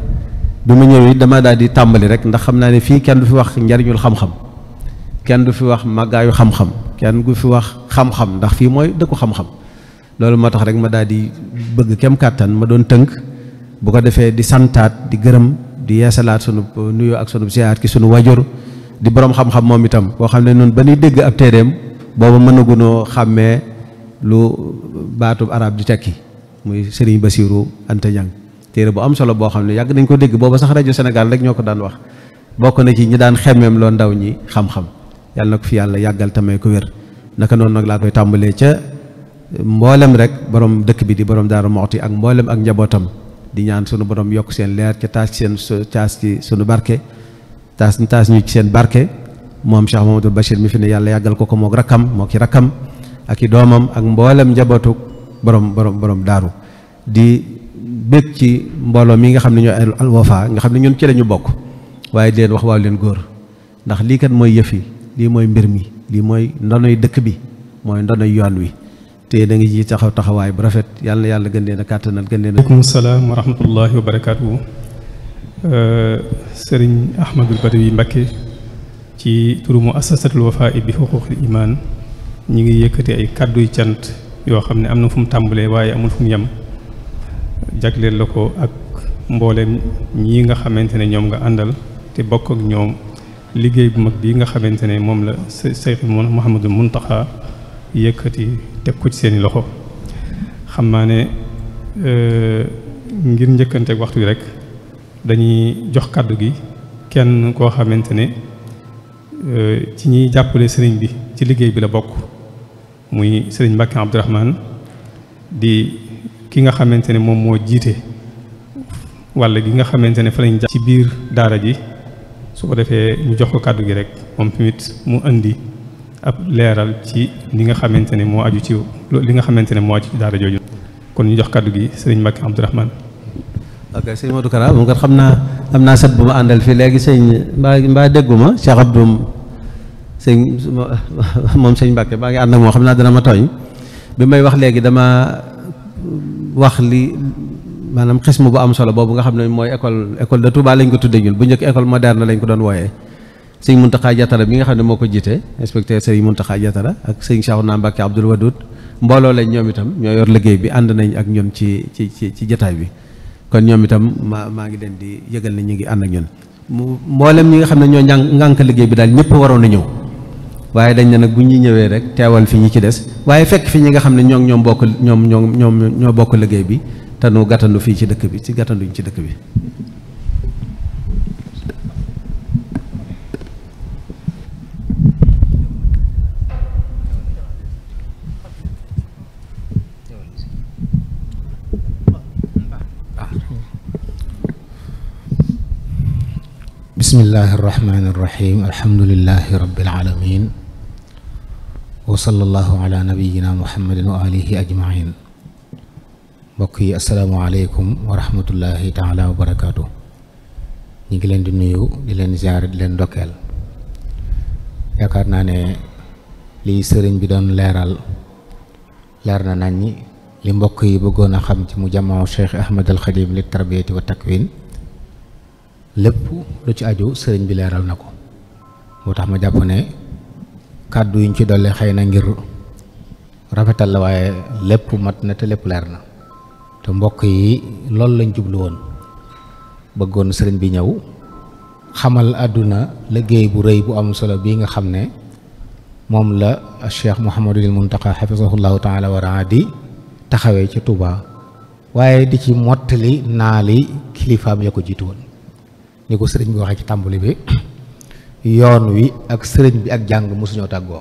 bi ma ñëwé dama daal di tàmbali rek ndax xamna ne fi kenn du fi wax ñariñul xam xam-xam kenn du fi wax magayu xam xam-xam kenn gu fi wax xam-xam ndax fi moy deku xam xam-xam loolu motax rek ma daldi di bëgg kem katan ma doon teunk bu ko defé di santat di gërem di yassalat sunu nuyu ak sunu ziyaar ki sunu wajur di borom xam-xam mom itam ko xamne non noonu dégg ab téeréem booba mënagunoo xàmmee lu batub arab di tekki muy Serigne basirou Anta Niang téré bu am solo bo xamne yag yàgg nañ ko dégg bobu sax radio Sénégal rek ñoko daan wax bokk na ci ñi daan xemem lo ndaw ñi xam-xam yalla nak fi yalla yagal tamay ko wër naka non nak la koy tambalé ca mboolem rek borom dekk bi di borom daara moxti ak mboolem ak njabotam di ñaan sunu borom yok seen leer ci taas seen taas ci sunu barke taas taas ñu ci seen barke mom Cheikh Mamadou Bachir mi fi ne yalla yagal ko ko mok rakam mok rakam ak i ak borom borom borom daaru di bekk ci mbolo mi nga xamni ne ñoo Al Wafa nga xamni ñun ci lañu bok waye leen wax waaw leen góor ndax li kat moy yefi li moy mbir mi li moy ndanoy dekk bi moy ndanoy yoon wi te da nga ji taxaw taxawaay bu rafet yàlla yàlla gën leen a kàttanal gën leen a. waaleykum salaam wa rahmatullahi wa barakaatu. Euh, Serigne Ahmadul Badawi Mbacké ci turu muassasatul wafaa bi xuquqil iman ñi ngi yëkkati ay kàdduy cant yoo xam ne am na fu mu tàmbalee waaye amul fu mu yem la ko ak mboolem ñi nga xamante ne ñoom nga àndal te bokk ak ñoom liggéey bu mag bi nga xamante ne moom la Seydou Mouhamadou Mountakha. yëkkati teg ko ci seeni loxo xam naa ne euh, ngir njëkkante waxtu yi rek dañuy jox kàddu gi kenn koo xamante ne euh, ci ñuy jàppale sëriñ bi ci liggéey bi la bokk muy sëriñ Mbàkke Abdourahmane di ki nga xamante ne moom moo jiite walla gi nga xamante ne fa lañ jàpp ci biir daara ji su ko defee ñu jox ko kàddu gi rek moom tamit mu indi ab leeral ci li nga xamante ne moo aju ci li nga xamante ne moo aju ci daara jooju kon ñu jox kaddu gi sëriñ Mbacke Abdourahmane ok sëñ Modou Kara moom kat xam naa am naa sët bu ma léegi sëñ mbaa mbaa dégguma Cheikh Abdou sëñ moom sëñ Mbacke baa ngi ànd ak moo xam naa dana ma tooñ bi may wax léegi dama wax li maanaam xismu bu am solo boobu nga xam ne mooy école école de Touba lañ ko tuddee ñun bu njëkk école moderne lañ ko doon wooyee sëñ Muntaxa Jatara bi nga xam ne moo ko jiite inspecteur sëñ Muntaxa Jatara ak sëñ Cheikhouna Mbacke Abdoul Wadoud mbooloo lañ ñoom itam ñoo yor liggéey bi ànd nañ ak ñoom ci ci ci ci jataay bi kon ñoom itam maa maa ngi leen di yëgal ne ñu ngi ànd ak ñun mboolem ñi nga xam ne ñoo njàng ngànk liggéey bi daal ñëpp waroon na ñëw waaye dañ ne nag bu ñuy ñëwee rek teewal fi ñu ci des waaye fekk fi ñi nga xam ne ñoo ñoom bokk ñoom ñoom ñoom ñoo bokk liggéey bi te nu gàttandu fii ci dëkk bi ci gàttanduñ ci dëkk bi بسم الله الرحمن الرحيم الحمد لله رب العالمين وصلى الله على نبينا محمد وآله أجمعين بقي السلام عليكم ورحمة الله تعالى وبركاته نجلن دنيو دلن زيارة دلن دوكال يكارنا ني لي سرين بدون ليرال ليرنا ناني لي مبوكي بوغونا مجمع شيخ احمد الخديم للتربيه والتكوين lépp lu ci aju sëriñ bi leeral na ko moo tax ma jàpp ne kàddu yi ñu ci dolli xëy na ngir rafetal la waaye lépp mat na te lépp leer na te mbokk yi loolu lañ jublu woon bëggoon sëriñ bi ñëw xamal àdduna liggéey bu rëy bu am solo bii nga xam ne moom la Cheikh mun Muntaqa xafisahullahu taala wa raa di taxawee ci Touba waaye di ci mottali naali kilifaam ya ko jiitu woon ni ko sëriñ bi waxee ci tàmbali bi yoon wi ak sëriñ bi ak jàng mosuñoo tàggoo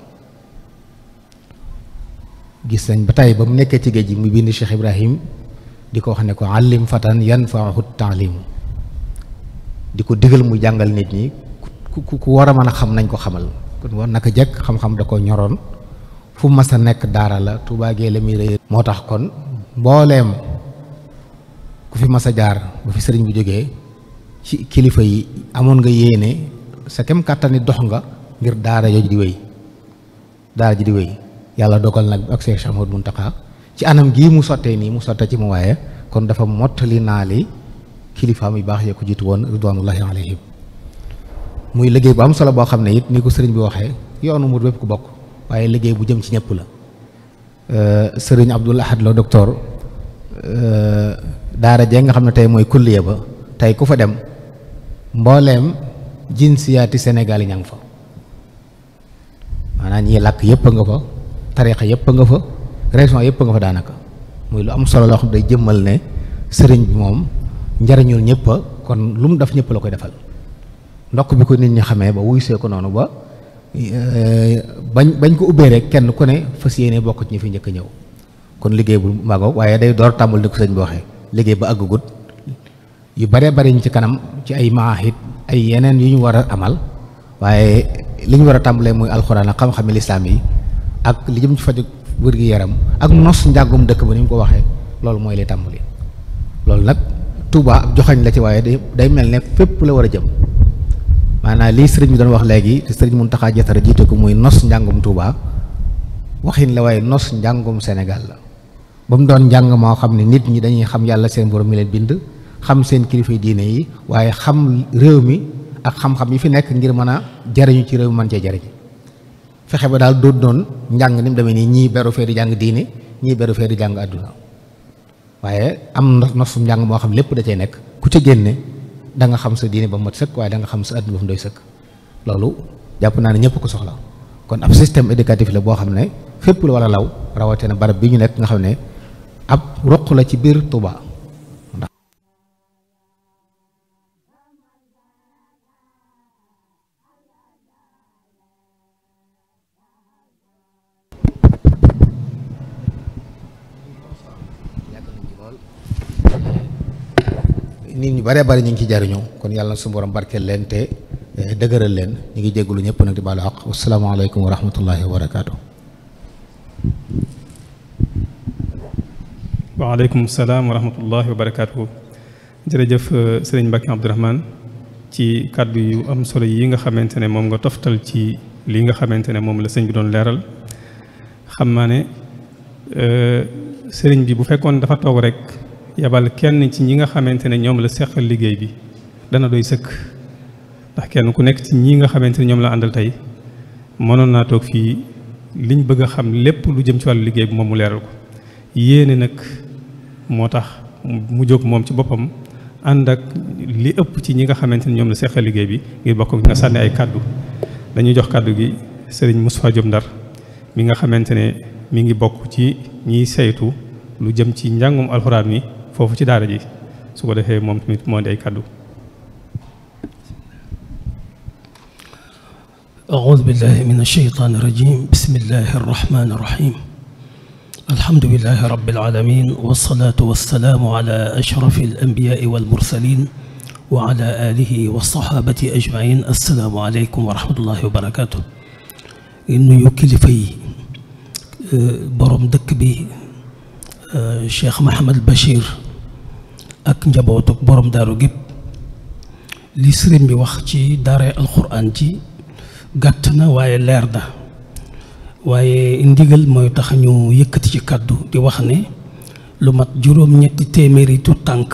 gis nañ ba tey ba mu nekkee ci géej gi mu bind Cheikh Ibrahim di ko wax ne ko àllim fatan yan faahu taalim di ko digal mu jàngal nit ñi ku ku war a mën a xam nañ ko xamal kon war naka jekk xam-xam da ko ñoroon fu mas a nekk daara la tubaagee la muy rëy moo tax kon mbooleem ku fi mas jaar bu fi sëriñ bi jógee ci kilifa yi amoon nga yéene sa kem kàttani dox nga ngir daara yooyu di wéy daara ji di wéy yàlla dogal nag ak Cheikh Ahmadou Mountakha ci anam gii mu sottee nii mu sotte ci ma waaye kon dafa mottali naa li kilifaam yu baax yee ko jiitu woon ridwanullahi alayhim muy liggéey bu am solo boo xam ne it ni ko sëriñ bi waxee yoonu mu bépp ku bokk waaye liggéey bu jëm ci ñëpp la sëriñ Abdul Ahad la docteur daara jee nga xam ne tey mooy kulliya ba tey ku fa dem mbooleem jinsiyaati Sénégal yi ña ngi fa maanaam ñii làkk yëpp nga fa tarixa yëpp nga fa région yëpp nga fa daanaka muy lu am solo loo xam day jëmmal ne sëriñ bi moom njariñul ñëpp kon lu mu def ñëpp la koy defal ndokk bi ko nit ñi xamee ba wuysee ko noonu ba eh, bañ bañ ko ubbee rek kenn ku ne fas yéene bokk ci ñi fi njëkk ñëw kon liggéey bu magoo waaye day door tàmbul ni ko sëñ bi waxee liggéey ba àggugut yu baree bari ñu ci kanam ci ay maahid ay yeneen yu ñu war a amal waaye li ñu war a tàmbalee muy alxuraan ak xam-xami lislaam yi ak li jëm ci faju wér gi yaram ak nos njàngum dëkk ba ni ñu ko waxee loolu mooy li tàmbali loolu nag Touba ab joxañ la ci waaye day mel ne fépp la war a jëm maanaam lii sëriñ bi doon wax léegi te sëriñ Mountakha Diattara jiite ko muy nos njàngum Touba waxin la waaye nos njàngum Sénégal la ba mu doon njàng moo xam ne nit ñi dañuy bind xam seen kilifa diine yi waaye xam réew mi ak xam-xam yi fi nekk ngir mën a jariñu ci réew mi mën cee jariñ fexe ba daal doot doon njàng ni mu demee nii ñii beru fee di jàng diine ñii beru fee di jàng àdduna waaye am na nosum njàng moo xam lépp da cay nekk ku ca génne da nga xam sa diine ba mat sëkk waaye da nga xam sa àdduna ba mu doy sëkk loolu jàpp naa ne ñëpp ko soxla kon ab système éducatif la boo xam ne fépp la wala law rawatina barab bi ñu nekk nga xam ne ab la ci biir Touba. ñu baree bari ñu ngi ci jariñoo kon yàlla na suñu borom barkeel leen te eh, dëgëral leen ñu ngi jégalu ñëpp nag di baalu àq wasalaamaaleykum wa rahmatullahi salaam wa rahmatullahi wa barakaatu. jërëjëf eh, sëriñ Mbacke Abdourahmane ci kàddu yu am solo yi nga xamante ne moom nga toftal ci lii nga xamante ne moom la sëñ bi doon leeral xam naa ne eh, sëriñ bi bu fekkoon dafa toog rek. yebal kenn ci ñi nga xamante ne ñoom la seqal liggéey bi dana doy sëkk ndax kenn ku nekk ci ñi nga xamante ne ñoom la àndal tey mënoon naa toog fii liñ bëgg xam lépp lu jëm ci wàllu liggéey bi moom mu leeral ko yéene nag moo tax mu jóg moom ci boppam ànd ak li ëpp ci ñi nga xamante ne ñoom la seqal liggéey bi ngir bokk nga sànni ay kàddu dañuy jox kàddu gi sëriñ Moustapha Diop Ndar mi nga xamante ne mi ngi bokk ci ñiy saytu lu jëm ci njàngum alxuraan mi fofu ci daara ji su ko defee moom tamit moo di ay kàddu أعوذ بالله من الشيطان الرجيم بسم الله الرحمن الرحيم الحمد لله رب العالمين والصلاة والسلام على أشرف الأنبياء والمرسلين وعلى آله والصحابة أجمعين السلام عليكم ورحمة الله وبركاته إنه يكلفي برم دك بي Cheikh mohammed Bachir ak njabootu borom daaru gépp li sëriñ bi wax ci daare alxuraan ci gàtt na waaye leer na waaye ndigal mooy tax ñu yëkkati ci kàddu di wax ne lu mat juróom-ñetti téeméeri tu tànk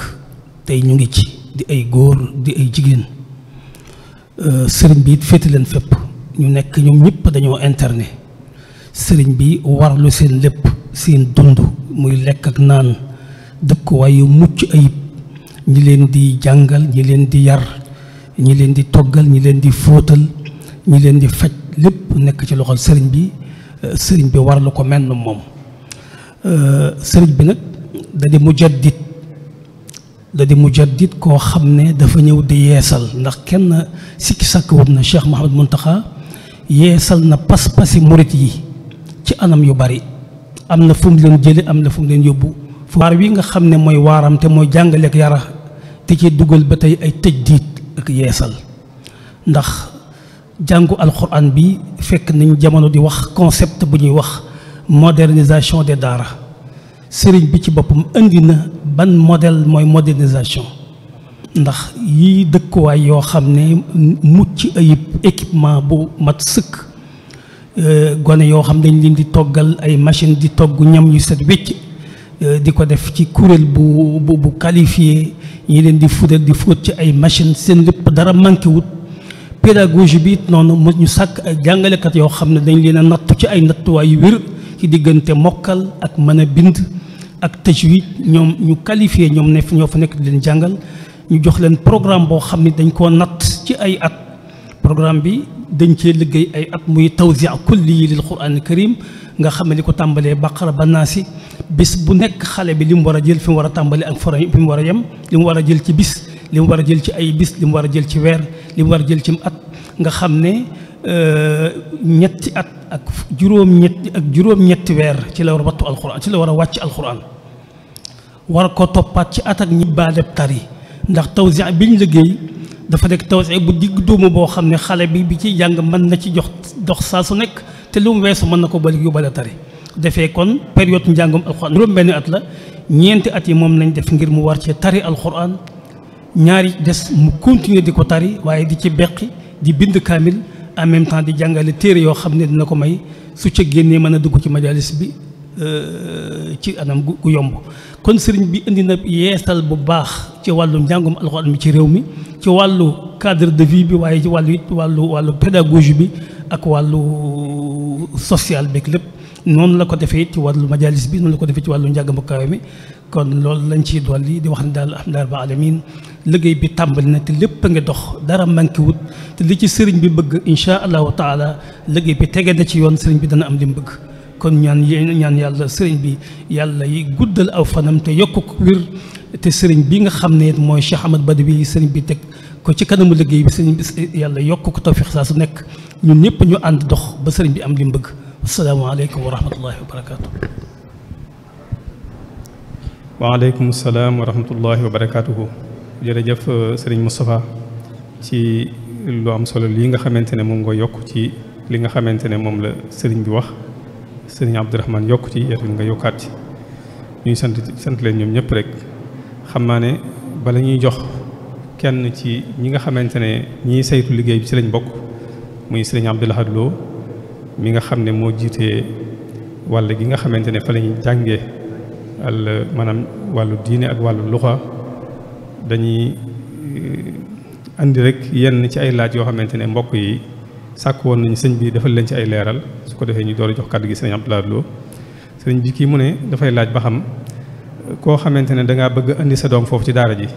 tey ñu ngi ci di ay góor di ay jigéen sëriñ bi it féete leen fépp ñu nekk ñoom ñëpp dañoo internet sëriñ bi warlu seen lépp seen dund muy lekk ak naan dëkkuwaay yu mucc ayib ñi leen di jàngal ñi leen di yar ñi leen di toggal ñi leen di fóotal ñi leen di faj lépp nekk ci loxol sëriñ bi euh, sëriñ bi war la ko mel moom euh, sëriñ bi nag da di mujaddid da di mujaddid koo xam ne dafa ñëw di yeesal ndax kenn sikki sàkk wut na Cheikh Mouhamed Mountakha yeesal na pas-pasi murit yi ci anam yu bari amna fum fu leen jële amna fum fu leen yóbbu war wi nga xamné moy waram té moy jàngalé ak yara te ci duggal batay ay tejdit ak yeesal ndax jàngu alquran bi fekk nañ jamono di wax concept bu ñuy wax modernisation des dara sëriñ bi ci bopum andi na ban model moy modernisation ndax yi dekk way yo xamné mucc ayib équipement bu mat seuk Euh, gone yoo xam dañ leen di toggal ay machine di togg ñam yu set wécc euh, di ko def ci kuréel bu bu bu qualifié ñi leen di fuutal di fóot ci ay machine seen lépp dara manqué wut pédagogie bi it noonu mu ñu sàkk ay jàngalekat yoo xam ne dañ leen a nattu ci ay nattuwaay yu wér ci diggante mokkal ak mën bind ak tajwid ñoom ñu qualifié ñoom ne ñoo fa nekk di leen jàngal ñu jox leen programme boo xam ne dañ koo natt ci ay at programme bi dañ cee liggéey ay at muy tawsi kulli yi lil quran karim nga xamni ko tambale baqara banasi bis bu nek xale bi lim wara jël fim wara tambale ak foray fi wara yam lim wara jël ci bis lim wara jël ci ay bis lim wara jël ci wer lim wara jël ci at nga xamne euh ñetti at ak juróom-ñetti ak juróom-ñetti wer ci la wara a wattu alquran ci la wara a wàcc alquran war ko topat ci at ak ñibale tari ndax tawzi' biñu liggey dafa nekk tawseet bu digg doomu boo xam ne xale bi bi ci jàng mën na ci jox dox saa su nekk te lu mu weesu mën na ko bal yóbbale tari defee kon période njàngum alxuraan juróom benn at la ñeenti at yi moom lañ def ngir mu war ci tari alxuraan ñaari des mu continuer di ko tari waaye di ci beqi di bind kaamil en même temps di jàngale téere yoo xam ne dina ko may su ci génnee mën a dugg ci majalis bi euh, ci anam gu yomb kon sëriñ bi indi na yeesal bu baax ci wàllu njàngum alxuraan mi ci réew mi ci wàllu cadre de vie bi waaye ci wàllu wàllu wàllu pédagogie bi ak wàllu social beeg lépp noonu la ko defee ci wàllu majalis bi noonu la ko defee ci wàllu njàngam kawe mi kon loolu lañ ciy dolli di wax ne daal alhamdulilah rabbil alamin liggéey bi tàmbali na ti lépp a ngi dox dara manqué wut te li ci sëriñ bi bëgg incha allahu taala liggéey bi tege na ci yoon sëriñ bi dana am li mu kon ñaan yéen ñaan yàlla sëriñ bi yàlla yi guddal aw fanam te yokk ko te sëriñ bi nga xam ne mooy Cheikh Ahmad bi sëriñ bi teg ko ci kanamu liggéey bi sëriñ bi yàlla yokk ko tawfiq saa su nekk ñun ñëpp ñu ànd dox ba sëriñ bi am li mu bëgg asalaamaaleykum wa rahmatullahi wa barakaatu. waaleykum salaam wa rahmatullahi wa barakaatuhu. jërëjëf euh, sëriñ Moustapha ci lu am solo lii nga xamante ne moom nga yokk ci li nga xamante ne moom la sëriñ bi wax. sëriñ Abdourahmane yokk ci yeetu nga yokkaat ci ñuy sant sant leen ñoom ñëpp rek xam naa ne bala ñuy jox kenn ci ñi nga xamante ne ñiy saytu liggéey bi ci lañ bokk muy sëriñ Abdou Lahad Lo mi nga xam ne moo jiitee wàll gi nga xamante ne fa lañuy jàngee maanaam wàllu diine ak wàllu luxa dañuy eh, andi rek yenn ci ay laaj yoo xamante ne mbokk yi sàkk woon nañu sëñ bi defal leen ci ay leeral su ko defee ñu door jox kàddu gi sëñ Abdoulaye Lo sëñ bi kii mu ne dafay laaj ba xam koo xamante ne dangaa bëgg indi sa doom foofu ci daara ji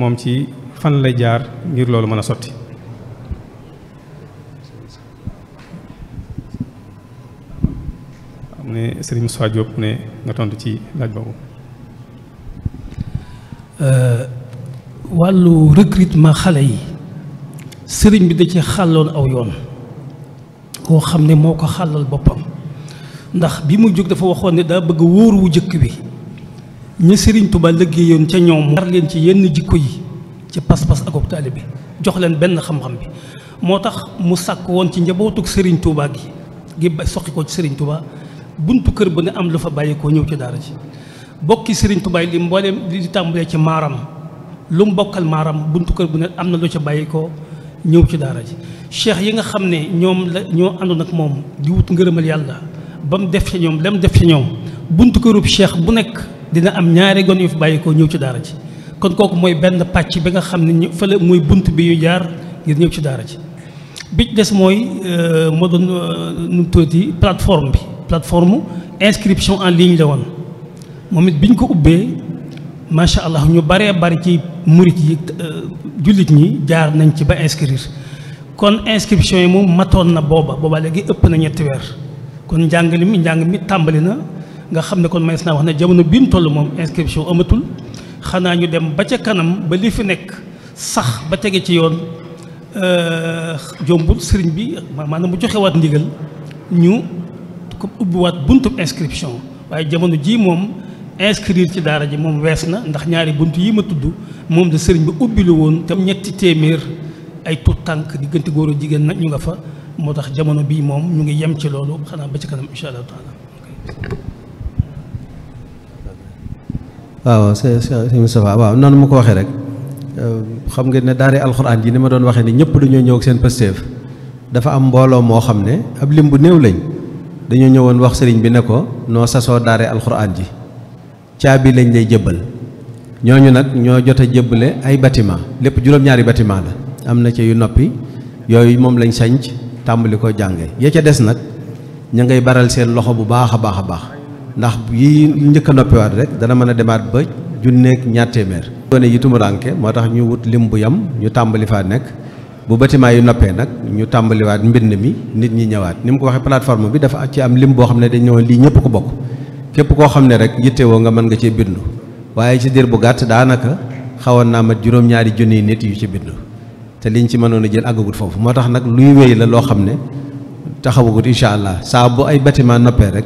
moom ci fan lay jaar ngir loolu mën a sotti. mu ne sëriñ Moussa Diop mu ne nga tontu ci laaj boobu. Euh, wàllu recrutement xale yi sëriñ bi da ci xàlloon aw yoon. koo xam ne moo ko xàllal boppam ndax bi mu jóg dafa waxoon ne daa bëgg wóor wu jëkk bi ña Serigne Touba yoon ca ñoom yar leen ci yenn jikko yi ci pas-pas ak taalibe bi jox leen benn xam-xam bi moo tax mu sàkk woon ci njabootug Serigne Touba gi gi soqi ko ci Serigne Touba buntu kër bu ne am lu fa bàyyeekoo ñëw ci daara ji bokki sëriñ Touba li mbooleem li tàmbalee ci maaram lu mu bokkal maaram buntu kër bu ne am na lu ca bàyyeekoo ñëw ci daara ji cheikh yi nga xam ne ñoom la ñoo àndoon ak moom di wut ngërëmal yàlla ba mu def ci ñoom lam def ci ñoom bunt këru cheikh bu nekk dina am ñaari gone yu fi bàyyi ko ñëw ci daara ji kon kooku mooy benn pàcc bi nga xam ne ñu fële mooy bunt bi ñu jaar ngir ñëw ci daara ji bi des mooy euh, moo doon euh, nu mu tuddati plateforme bi plateforme inscription en ligne la woon moom it bi ñu ko ubbee شاء allah ñu bare bari ci murit yi julit ñi jaar nañ ci ba inscrire kon inscription yi moom maton na boba boba legi ëpp na ñetti wër kon njàngale mi jang mi tàmbali na nga xamne kon manes naa wax na jëmono bi mu toll moom inscription amatul xana ñu dem ba ca kanam ba li fi nek sax ba tege ci yoon jombul serigne bi manam bu joxe wat ndigal ñu ko wat buntu inscription waye jëmono ji mom inscrire ci dara ji mom wess na ndax ñaari buntu yi ma tuddu mom de serigne bi ubbi lu tam ñetti témir ay tout tank diggante góor a jigéen nag ñu nga fa motax jamono bi mom ñu ngi yem ci lolu xana ba ci kanam inshallah taala waaw c'est Moustapha waaw non mu ko waxe rek xam ngeen ne daari alcorane ji ni ma doon waxe ne ñepp dañu ñew ak seen pastef dafa am mbolo mo xamne ab limbu bu lañ dañu ñëwoon wax serigne bi ne ko no saso alcorane ji caabi lañ lay jëbbal ñooñu nag ñoo jot a jëbbale ay bâtiment lépp juróom-ñaari bâtiment la am na ci yu noppi yooyu moom lañ sañc tàmbali ko jànge ya ca des nag ña ngay baral seen loxo bu baax a baax a baax ndax yi njëkk a noppiwaat rek dana mën a demaat ba junneeg ñaar téeméer doone yi tumuranke moo tax ñu wut lim bu yam ñu tàmbali faa nekk bu bâtiment yu noppee nag ñu tàmbaliwaat mbind mi nit ñi ñëwaat ni mu ko waxee plateforme bi dafa ci am lim boo xam ne dañ ñëwoon lii ñëpp ko bokk kep ko xamne rek yitte wo nga man nga ci bindu waye ci dir bu gàtt daanaka xawon na ma juróom-ñaari jooni nit yu ci bindu te liñ ci mënonu jël agagut fofu motax nak luy wey la lo xamne taxawugut inshallah sa bu ay bâtiment noppé rek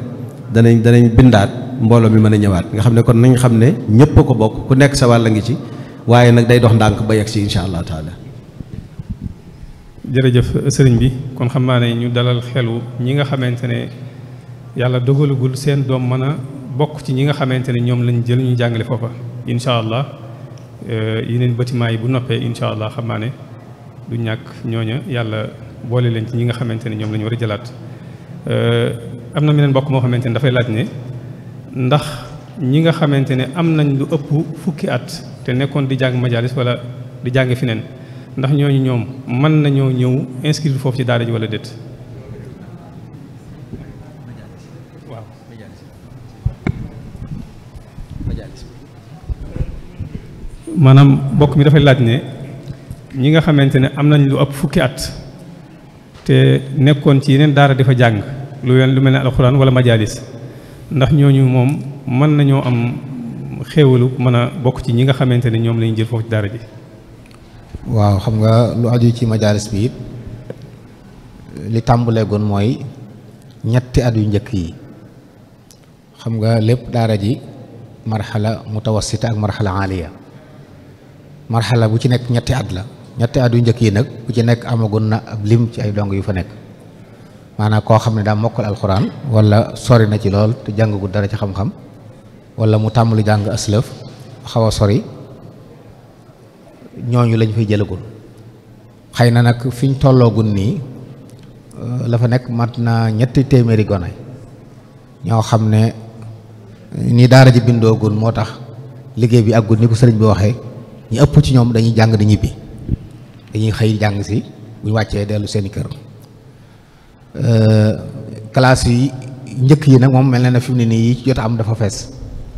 danañ danañ bindaat mbolo mi mën ñëwaat nga xamne kon nañ xamne ñepp ko bok ku nekk sa wàll ngi ci waye nak day dox ba taala. jërëjëf sëriñ bi kon xam ñu dalal xelu ñi nga xamantene yàlla dogalagul seen doom mën a bokk ci ñi nga xamante ne ñoom lañ jël ñu jàngale foofa incha allah euh, yeneen bâtiment yi bu noppee incha allah xam naa ne du ñàkk ñooña yàlla boole leen ci ñi nga xamante ne ñoom la ñu war a jëlaat. Euh, am na meneen mbokk moo xamante ne dafay laaj ne ndax ñi nga xamante ne am nañ lu ëpp fukki at te nekkoon di jàng majalis wala di jàng fi neen ndax ñooñu ñoom mën nañoo ñëw inscrire foofu ci daara ji wala déet. manam bokk mi dafay laaj ne ñi nga xamantene am nañ lu ëpp fukki at te nekkoon ci yeneen daara fajang, lo jàng lu lu mel ne wala majalis ndax ñooñu moom mën nañoo am xéewalu mën a bokk ci ñi nga xamantene ne ñoom lañu jël foofu ci daara ji waaw xam nga lu aju ci majalis bi li tàmbalee gon mooy ñetti at yu njëkk yi xam nga lépp daara ji marxala mutawassita ak marxala aliya marhala bu ci nek ñetti at la ñetti at yu njëkk yi nak bu ci nek amagun na lim ci ay dong yu fa nek maanaam ko xamne da mokal alquran wala sori na ci lool te jàngagul dara ci xam-xam wala mu tamlu jang aslëf xawa sori ñoñu lañ fay jëlagul xëy na fiñ tolloogun ni euh, la fa nek matna ñetti téméri gonay ño xamne ni daara ji bindogun motax tax bi agul ni ko sëriñ bi waxee ñu ëpp ci ñoom dañuy jàng di ñibbi dañuy xëy jàng si bu ñu wàccee dellu seeni kër euh, classe yi njëkk yi nag moom mel na ne fi mu ne nii yi jot am dafa fees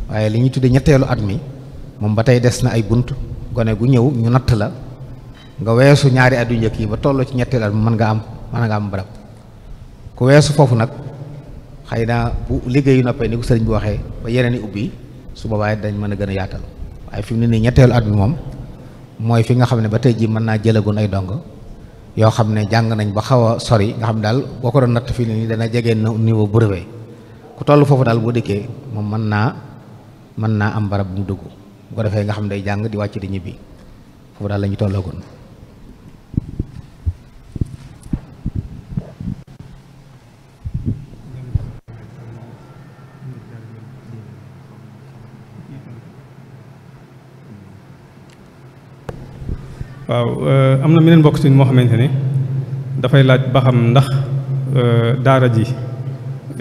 waaye li ñuy tuddee ñetteelu at mi moom ba tey des na ay bunt gone gu ñëw ñu natt la nga weesu ñaari at yu njëkk yi ba tolloo ci ñetteelu at mi mën nga am mën nga am barab ku weesu foofu nag xëy na bu liggéey yu noppee ni ko sëriñ bi waxee ba yeneen i ubbi su boobaa dañ mën a gën a yaatal. ay fi mu ne nii ñetteelu at bi moom mooy fi nga xam ne ba tey ji mën naa jëlagoon ay dong yoo xam ne jàng nañ ba xaw a sori nga xam daal boo ko doon natt fii nii dana jege bu brevet ku toll foofu daal boo dikkee moom mën naa mën naa am barab bu mu dugg bu ko defee nga xam ne day jàng di wàcc di ñibbi foofu daal la ñu tollagoon waaw euh, am na meneen mbokk suñu moo xamante ne dafay laaj ba xam ndax euh, daara ji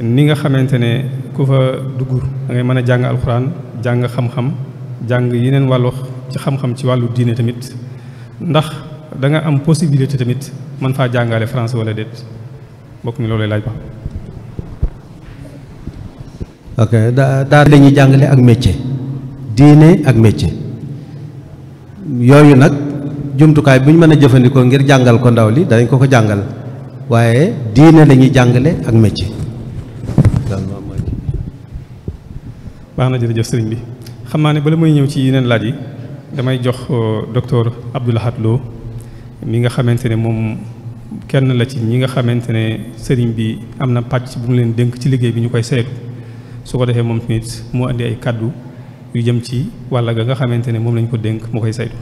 ni nga xamante ne ku fa dugg dangay mën a jàng alxuraan jàng xam-xam jàng yeneen wàllu ci xam-xam ci wàllu diine tamit ndax danga am possibilité tamit mën faa jàngale france wala déet mbokk mi loolu laaj ba ok daara dañuy jàngale ak métier diine ak métier yooyu nag jumtukaay bu ñu mën a jëfandikoo ngir jàngal ko ndaw li dañ ko ko jàngal waaye diine la jàngale ak métier. baax na jërëjëf sëriñ bi xam naa ne bala may ñëw ci yeneen laaj yi damay jox euh, docteur Abdou Lahad mi nga xamante ne moom kenn la ci ñi nga xamante ne sëriñ bi am na pàcc bu mu leen dénk ci liggéey bi ñu koy saytu su ko defee moom tamit moo indi ay kàddu yu jëm ci walla ga nga xamante ne moom lañ ko dénk mu koy saytu.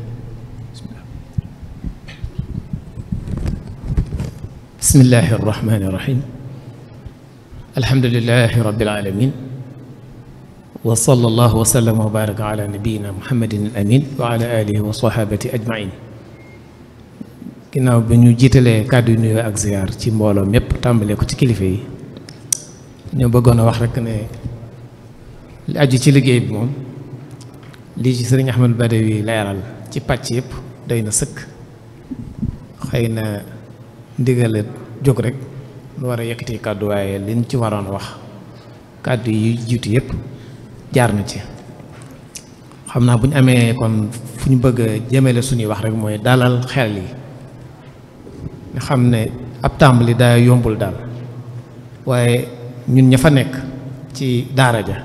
بسم الله الرحمن الرحيم الحمد لله رب العالمين وصلى الله وسلم وبارك على نبينا محمد الأمين وعلى آله وصحابته أجمعين كنا بنيو جيتلي كادو نيو اك زيار سي مbolo mep tambale ko ci kilife yi ñu bëggoon wax rek ne li aju ci liggey bi mom ndigale jóg rek lu war a yëkkati kàddu waaye liñ ci waroon wax kàddu yi jiitu yëpp jaar na ci xam naa bu ñu amee kon fu ñu bëgg a jëmale suñuy wax rek mooy dalal xel yi ñu xam ne ab tàmbali daa yombul daal waaye ñun ña fa nekk ci daara ja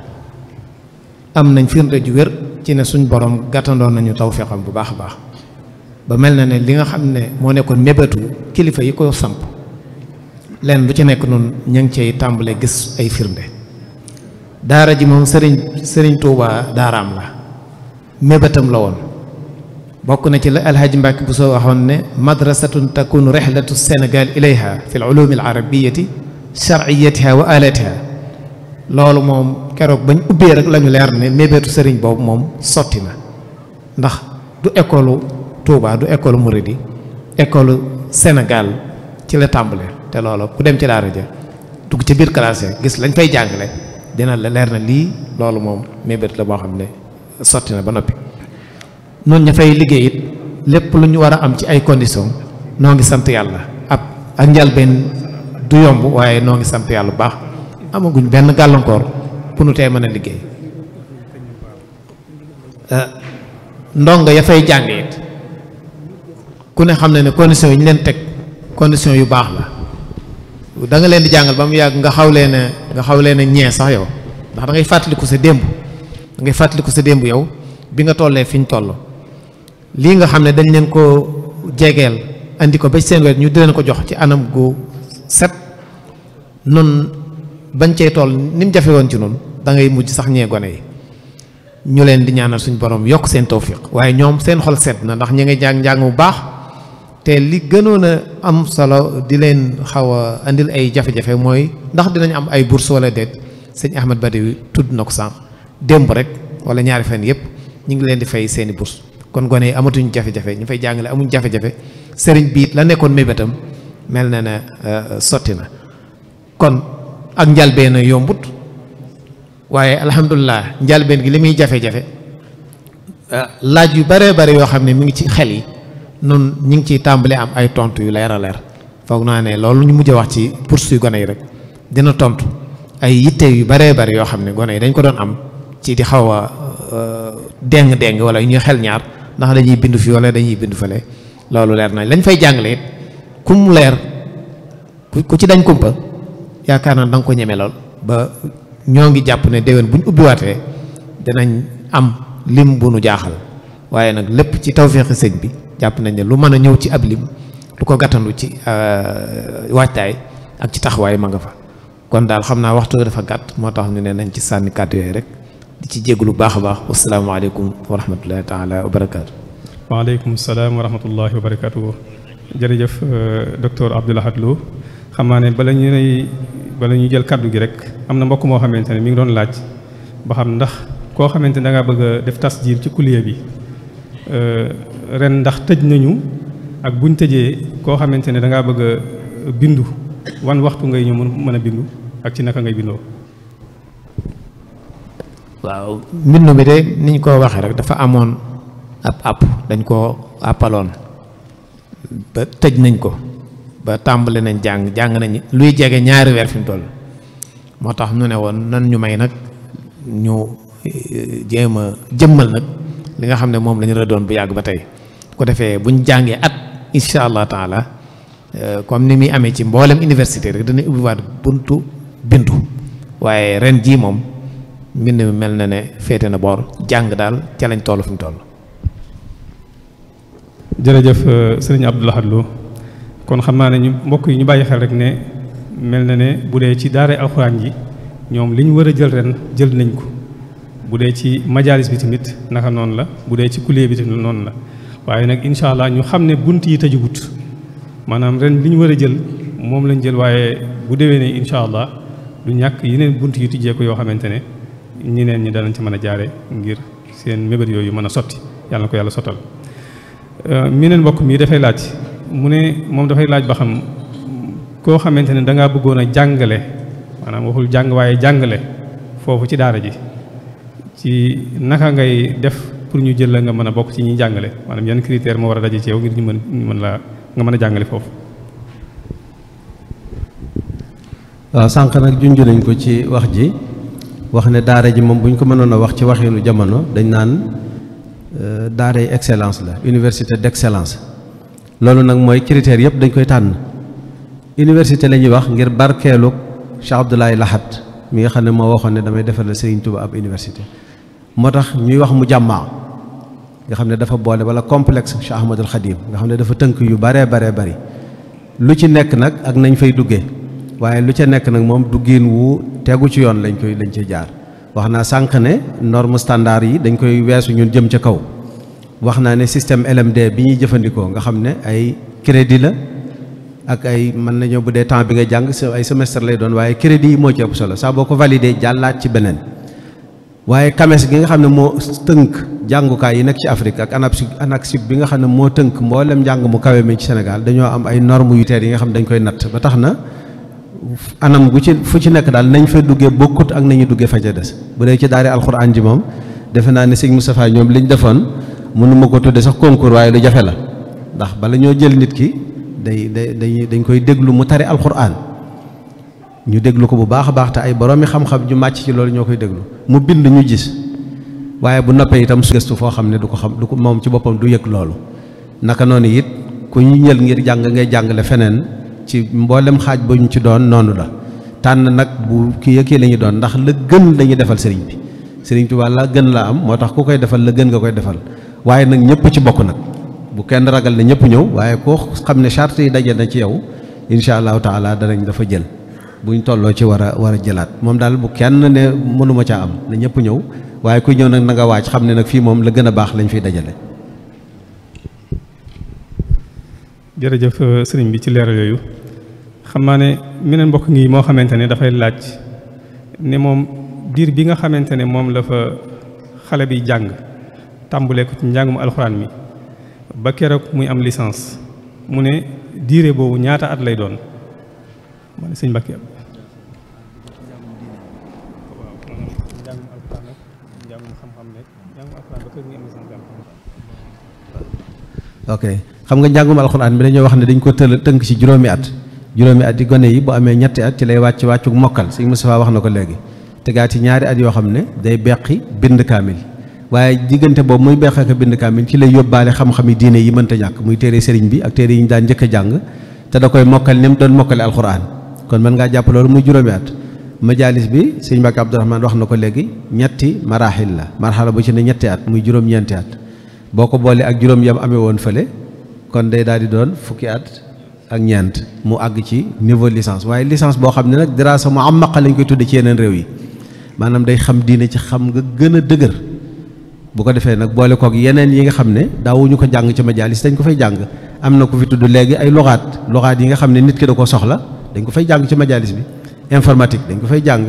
am nañ firnde ju wér ci ne suñ borom gàttandoon nañu taw tawféexam bu baax a baax ba mel na ne li nga xam ne moo nekkoon mébétu kilifa yi ko samp leen lu ci nekk noonu ña ngi cay tàmbalee gis ay firnde daara ji moom sëriñ sëriñ Touba daaraam la mébétam la woon bokk na ci la alhaji Mbàkke bu soo waxoon ne madrasatun takunu rihlatu sénégal ilayha fi l ulumi al arabiyati shar'iyatiha wa alatiha loolu moom keroog bañ ubbee rek la leer ne mébétu sëriñ boobu moom sotti na ndax du école Touba du école Mouridi école Sénégal ci la tàmbalee te loolu ku dem ci daara ja dugg ca biir classe gis lañ fay jàngale dina la leer na lii loolu moom mébét la boo xam ne sotti na ba noppi. noonu ña fay liggéey it lépp lu ñu war a am ci ay conditions noo ngi sant yàlla ab ak njalbeen du yomb waaye noo ngi sant yàlla bu baax amaguñ benn gàllankoor pour nu tey mën a liggéey. Eh, ndongo ya fay jàng it ku ne xam na ne condition yi ñu leen teg condition yu baax la danga leen di jàngal ba mu yàgg nga xaw leen a nga xaw leen a ñee sax yow ndax da ngay fàttaliku sa démb da ngay fàttaliku sa démb yow bi nga tollee fi ñu toll lii nga xam ne dañ leen ko jegeel indi ko ba seen wet ñu di leen ko jox ci anam gu set nun bañ cee tool ni mu jafe woon ci noonu da ngay mujj sax ñee gone yi ñu leen di ñaanal suñu borom yokk seen tawfiq waaye ñoom seen xol set na ndax ñi ngay jàng njàng bu baax te li gënoon a am solo di leen xaw a andil ay jafe-jafe mooy ndax dinañ am ay bourse wala déet sëñ Ahmad Badawi tudd na ko sànq démb rek wala ñaari fan yëpp ñu ngi leen di fay seeni bourse kon gone yi amatuñ jafe-jafe ñu fay jàngale amuñ jafe-jafe sëriñ biit la nekkoon mébétam mel na ne euh, euh, sotti na kon ak njalbeen yombut waaye alhamdulilah njalbeen gi li muy jafe-jafe euh, laaj yu bare bare yoo xam ne mu ngi ci xel yi nun ñi ngi ciy tàmbali am ay tontu yu leer a leer foog naa ne loolu ñu mujj wax ci poursuite gone yi rek dina tontu ay yitte yu baree bari yoo xam ne gone yi dañ ko doon am ci di xaw a euh, déng-déng wala ñuy xel ñaar ndax dañuy bindu fi wala dañuy bindu fale loolu leer nañ lañ fay jàngale it kum leer ku ci dañ kumpa yaakaar naa da nga ko ñeme lool ba ñoo ngi jàpp ne déwén bu ñu ubbiwaatee dinañ am lim bu nu jaaxal waaye nag lépp ci tawféexi sëñ bi jàpp nañ ne lu mën a ñëw ci ab lim lu ko gàttandu ci euh, waajtaay ak ci taxawaay ma nga fa kon daal xam naa waxtu dafa gàtt moo tax ñu ne nañ ci sànni kàddu yooyu rek di ci jégg lu baax a baax wasalaamaaleykum wa rahmatullahi taala wa barakaatu waaleykum salaam wa rahmatullahi wa barakaatu jërëjëf euh, docteur Abdoul Ahad Lo xam naa ne bala ñu lay bala ñu jël kàddu gi rek am na mbokk moo xamante ne mi ngi doon laaj ba xam ndax koo xamante ne da ngaa bëgg a def tasdiir ci kuliya bi euh, ren ndax tëj nañu ak buñ tëjee koo xamante ne dangaa bëgg a bindu wan waxtu ngay ñu mën a bindu ak ci naka ngay bindoo. waaw mbindu bi de niñ ko waxee rek dafa amoon ab app dañ koo àppaloon ba tëj nañ ko ba tàmbale nañ jàng jàng nañ luy jege ñaari weer fi mu moo tax ñu ne woon nan ñu may nag ñu eh, jéem a jëmmal nag li nga xam ne moom la ñu doon bu yàgg ba tey ko defee buñ jàngee at incha allah taala euh, comme ni muy amee ci mboolem université rek dana ubbiwaat buntu bindu waaye ren jii moom mbind mi mel na ne féete na boor jàng daal ca lañ toll fu ñu toll. jërëjëf euh, sëriñ Abdou Lahad Lo kon xam naa ne ñu mbokk yi ñu bàyyi xel rek ne mel na ne bu dee ci daara alxuraan ji ñoom li ñu war a jël ren jël nañ ko bu dee ci majalis bi tamit naka noonu la bu dee ci kulier bi tamit noonu la. waaye nag incha allah ñu xam ne bunt yi tëjugut maanaam ren li ñu war a jël moom lañ jël waaye bu dewee ne incha allah du ñàkk yeneen bunt yu tijjeeku yoo xamante ne ñeneen ñi danañ ci mën a jaare ngir seen mébét yooyu mën a sotti yàlla ko yàlla sottal. Euh, meneen mbokk mi dafay laaj mu ne moom dafay laaj ba xam koo xamante ne da ngaa bëggoon a jàngale maanaam waxul jàng waaye jàngale foofu ci daara ji ci naka ngay def. pour ñu jël la nga mëna bok ci ñi jàngalé manam yeen critère mo wara dajé ci yow ngir ñu mën mën la nga mëna jàngalé fofu foofu sank nak nag nañ ko ci wax ji wax né daara ji mom buñ ko mënon wax ci waxinu jamono dañ nan euh, daara excellence la université d'excellence lolu nak moy critère yëpp dañ koy tan université lañuy wax ngir barkeeluk Cheikh Abdoulaye Lahat mi nga xam mo waxone damay Serigne Touba ab université motax ñuy wax mu jamaa nga xam ne dafa boole wala complexe Cheikh Ahmadul Xadim nga xam ne dafa tënk yu baree baree bari lu ci nekk nag ak nañ fay duggee waaye lu ca nekk nag moom duggin wu tegu ci yoon lañ koy lañ ci jaar wax naa sànq ne norme standard yi dañ koy weesu ñun jëm ca kaw wax naa ne système LMD bi ñuy jëfandikoo nga xam ne ay crédit la ak ay mën nañoo bu dee temps bi nga jàng ay semestre lay doon waaye crédit yi moo ci ëpp solo saa boo ko validé jàllaat ci beneen waaye jàngukaay yi nekk ci Afrique ak ANAQ ANAQ bi nga xam ne moo tënk mboolem jàng mu kawe mi ci Sénégal dañoo am ay normes yu teer yi nga xam ne dañ koy natt ba tax na anam gu ci fu ci nekk daal nañ fa duggee bokkut ak nañu duggee fa ca des bu dee ci daari alxuraan ji moom defe naa ne sëñ Moustapha ñoom liñ defoon mënuma ko tudde sax concours waaye lu jafe la ndax bala ñoo jël nit ki day day day dañ koy déglu mu tari alxuraan ñu déglu ko bu baax a baax te ay boroomi xam-xam ñu màcc ci loolu ñoo koy déglu mu bind ñu gis. waaye bu noppee itam su gëstu foo xam ne du ko xam du ko moom ci boppam du yëg loolu naka noonu it ku ñu ñël ngir jàng ngay jàngale feneen ci mboolem xaaj ba ñu ci doon noonu la tànn nag bu kii kii la doon ndax la gën la defal sëriñ bi sëriñ bi walla gën la am moo tax ku koy defal la gën nga koy defal waaye nag ñëpp ci bokk nag bu kenn ragal ne ñëpp ñëw waaye koo xam ne charte yi daje na ci yow incha allahu taala danañ dafa jël buñ tolloo ci war a war a jëlaat moom daal bu kenn ne mënuma caa am ñëpp ñëw waaye ku ñëw nag na nga waaj xam ne nag fii moom la gën a baax lañ fiy dajale. jërëjëf euh, sëriñ bi ci leeral yooyu xam naa ne meneen mbokk ngi moo xamante ne dafay laaj ne moom diir bi nga xamante ne moom la fa xale bi jàng tàmbulee ko ci njàngum alxuraan mi ba keroog muy am licence mu ne diire boobu ñaata at lay doon ma ne sëñ Mbàkke ok xam nga njàngum alxuraan bi dañoo wax ne dañ ko tël tënk ci juróomi at juróomi at yi gone yi bu amee ñetti at ci lay wàcc wàccu mokkal sëñ Moustapha wax na ko léegi tegaat ci ñaari at yoo xam ne day beqi bind kaamil waaye diggante boobu muy beqi ak bind kaamil ci lay yóbbaale xam-xami diine yi mënta ñàkk muy téere sëriñ bi ak téere yi ñu daan jëkk a jàng te da koy mokkal ni mu doon mokkale alxuraan kon mën ngaa jàpp loolu muy juróomi at majalis bi sëñ Mbàkke Abdourahmane wax na ko léegi ñetti marahil la marhala bu ci ne ñetti at muy juróom-ñeenti at boo ko boolee ak juróom yam amee woon fële kon day daal di doon fukki at ak ñeent mu àgg ci niveau licence waaye licence boo xam ne nag diraasa mu amaqa lañ koy tudde ci yeneen réew yi maanaam day xam diine ci xam nga gën a dëgër bu ko defee nag boole koog yeneen yi nga xam ne daawuñu ko jàng ci majaalis dañ ko fay jàng am na ku fi tudd léegi ay loxaat loxaat yi nga xam ne nit ki da ko soxla dañ ko fay jàng ci majaalis bi informatique dañ ko fay jàng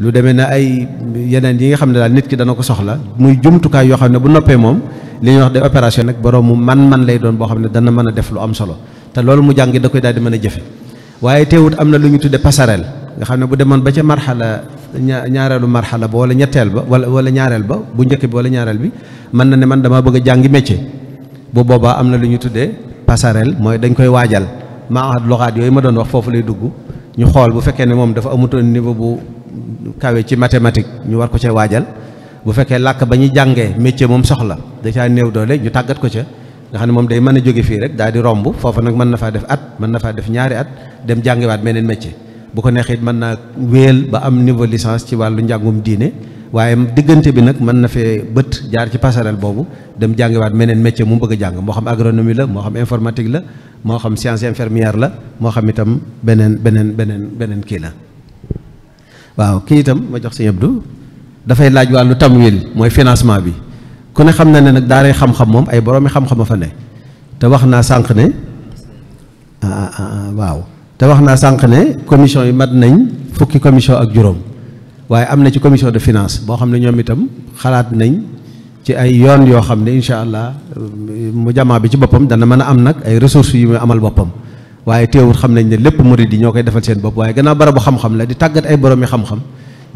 lu demee na ay yeneen yi nga xam ne daal nit ki dana ko soxla muy jumtukaay yoo xam ne bu noppee moom li ñuy wax de opération nag borom mu man-man lay doon boo xam ne dana mën a def lu am solo te loolu mu jàngi da koy daal di mën a jëfe waaye teewut am na lu ñu tudde passerelle nga xam ne bu demoon ba ca marxala ñaareelu marxala ba ñetteel ba wala wala ñaareel ba bu njëkk bi ñaareel bi mën na ne man dama bëgg a jàngi métier bu boobaa am na lu ñu tuddee passerelle mooy dañ koy waajal maa loxaat yooyu ma doon wax foofu lay dugg ñu xool bu fekkee ne moom dafa amutoon niveau bu kawe ci mathématique ñu war ko cee waajal bu fekkee làkk ba ñuy jàngee métier moom soxla da caa néew doole ñu tàggat ko ca nga xam ne moom day mën a jóge fii rek daal di romb foofa nag mën na faa def at mën na faa def ñaari at dem jàngiwaat beneen métier bu ko neexee mën naa wéel ba am niveau licence ci wàllu njàngum diine waaye diggante bi nag mën na fee bët jaar ci passerelle boobu dem jàngiwaat meneen métier mu bëgg a jàng moo xam agronomie la moo xam informatique la moo xam science infirmière la moo xam itam beneen beneen beneen beneen kii la waaw kii itam ma jox sëñ Abdou dafay laaj wàllu tamwil mooy financement bi كنا خمنا نك داري خم خم مم أي برامي خم خم فني تواخنا سانكني آه آه واو تواخنا سانكني كوميشن يمد نين فوكي كوميشن أجرم واي أمنا تي كوميشن دو فينانس بو خم نيو ميتم خلات نين تي أي يون يو خم نين إن شاء الله مجمع بيجي بحم دنا منا أمنك أي رسوس في عمل بحم waye teewut xam nañ ne lepp mourid yi ñokay defal seen bop waye gëna bara bu xam xam la di tagat ay borom yi xam xam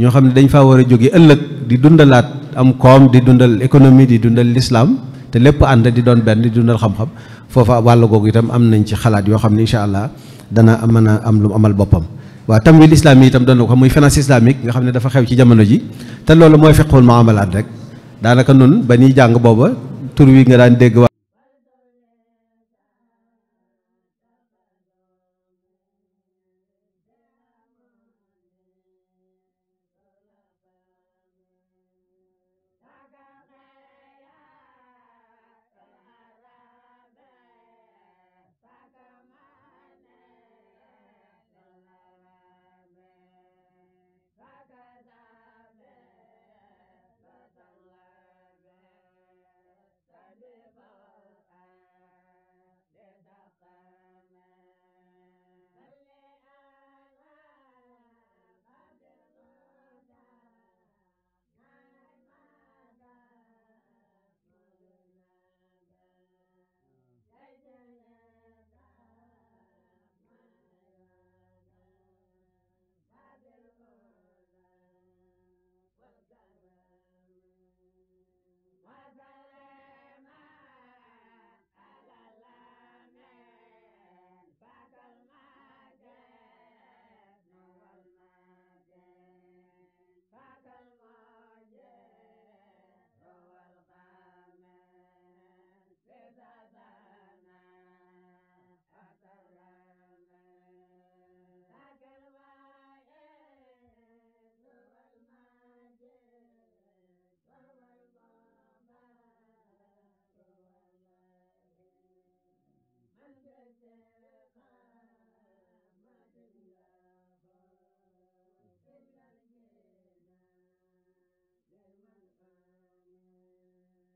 ño xam ne dañ am koom di dundal économie di dundal lislaam te lépp ànd di doon benn di dundal xam-xam foofa wàll googu itam am nañ ci xalaat yoo xam ne incha allah dana mën a am lu amal boppam waaw tamwil islami itam doon na ko xam muy finance islamique nga xam ne dafa xew ci jamono ji te loolu mooy fiqhul muamalat rek daanaka nun ba ñuy jàng booba tur wi nga daan dégg and then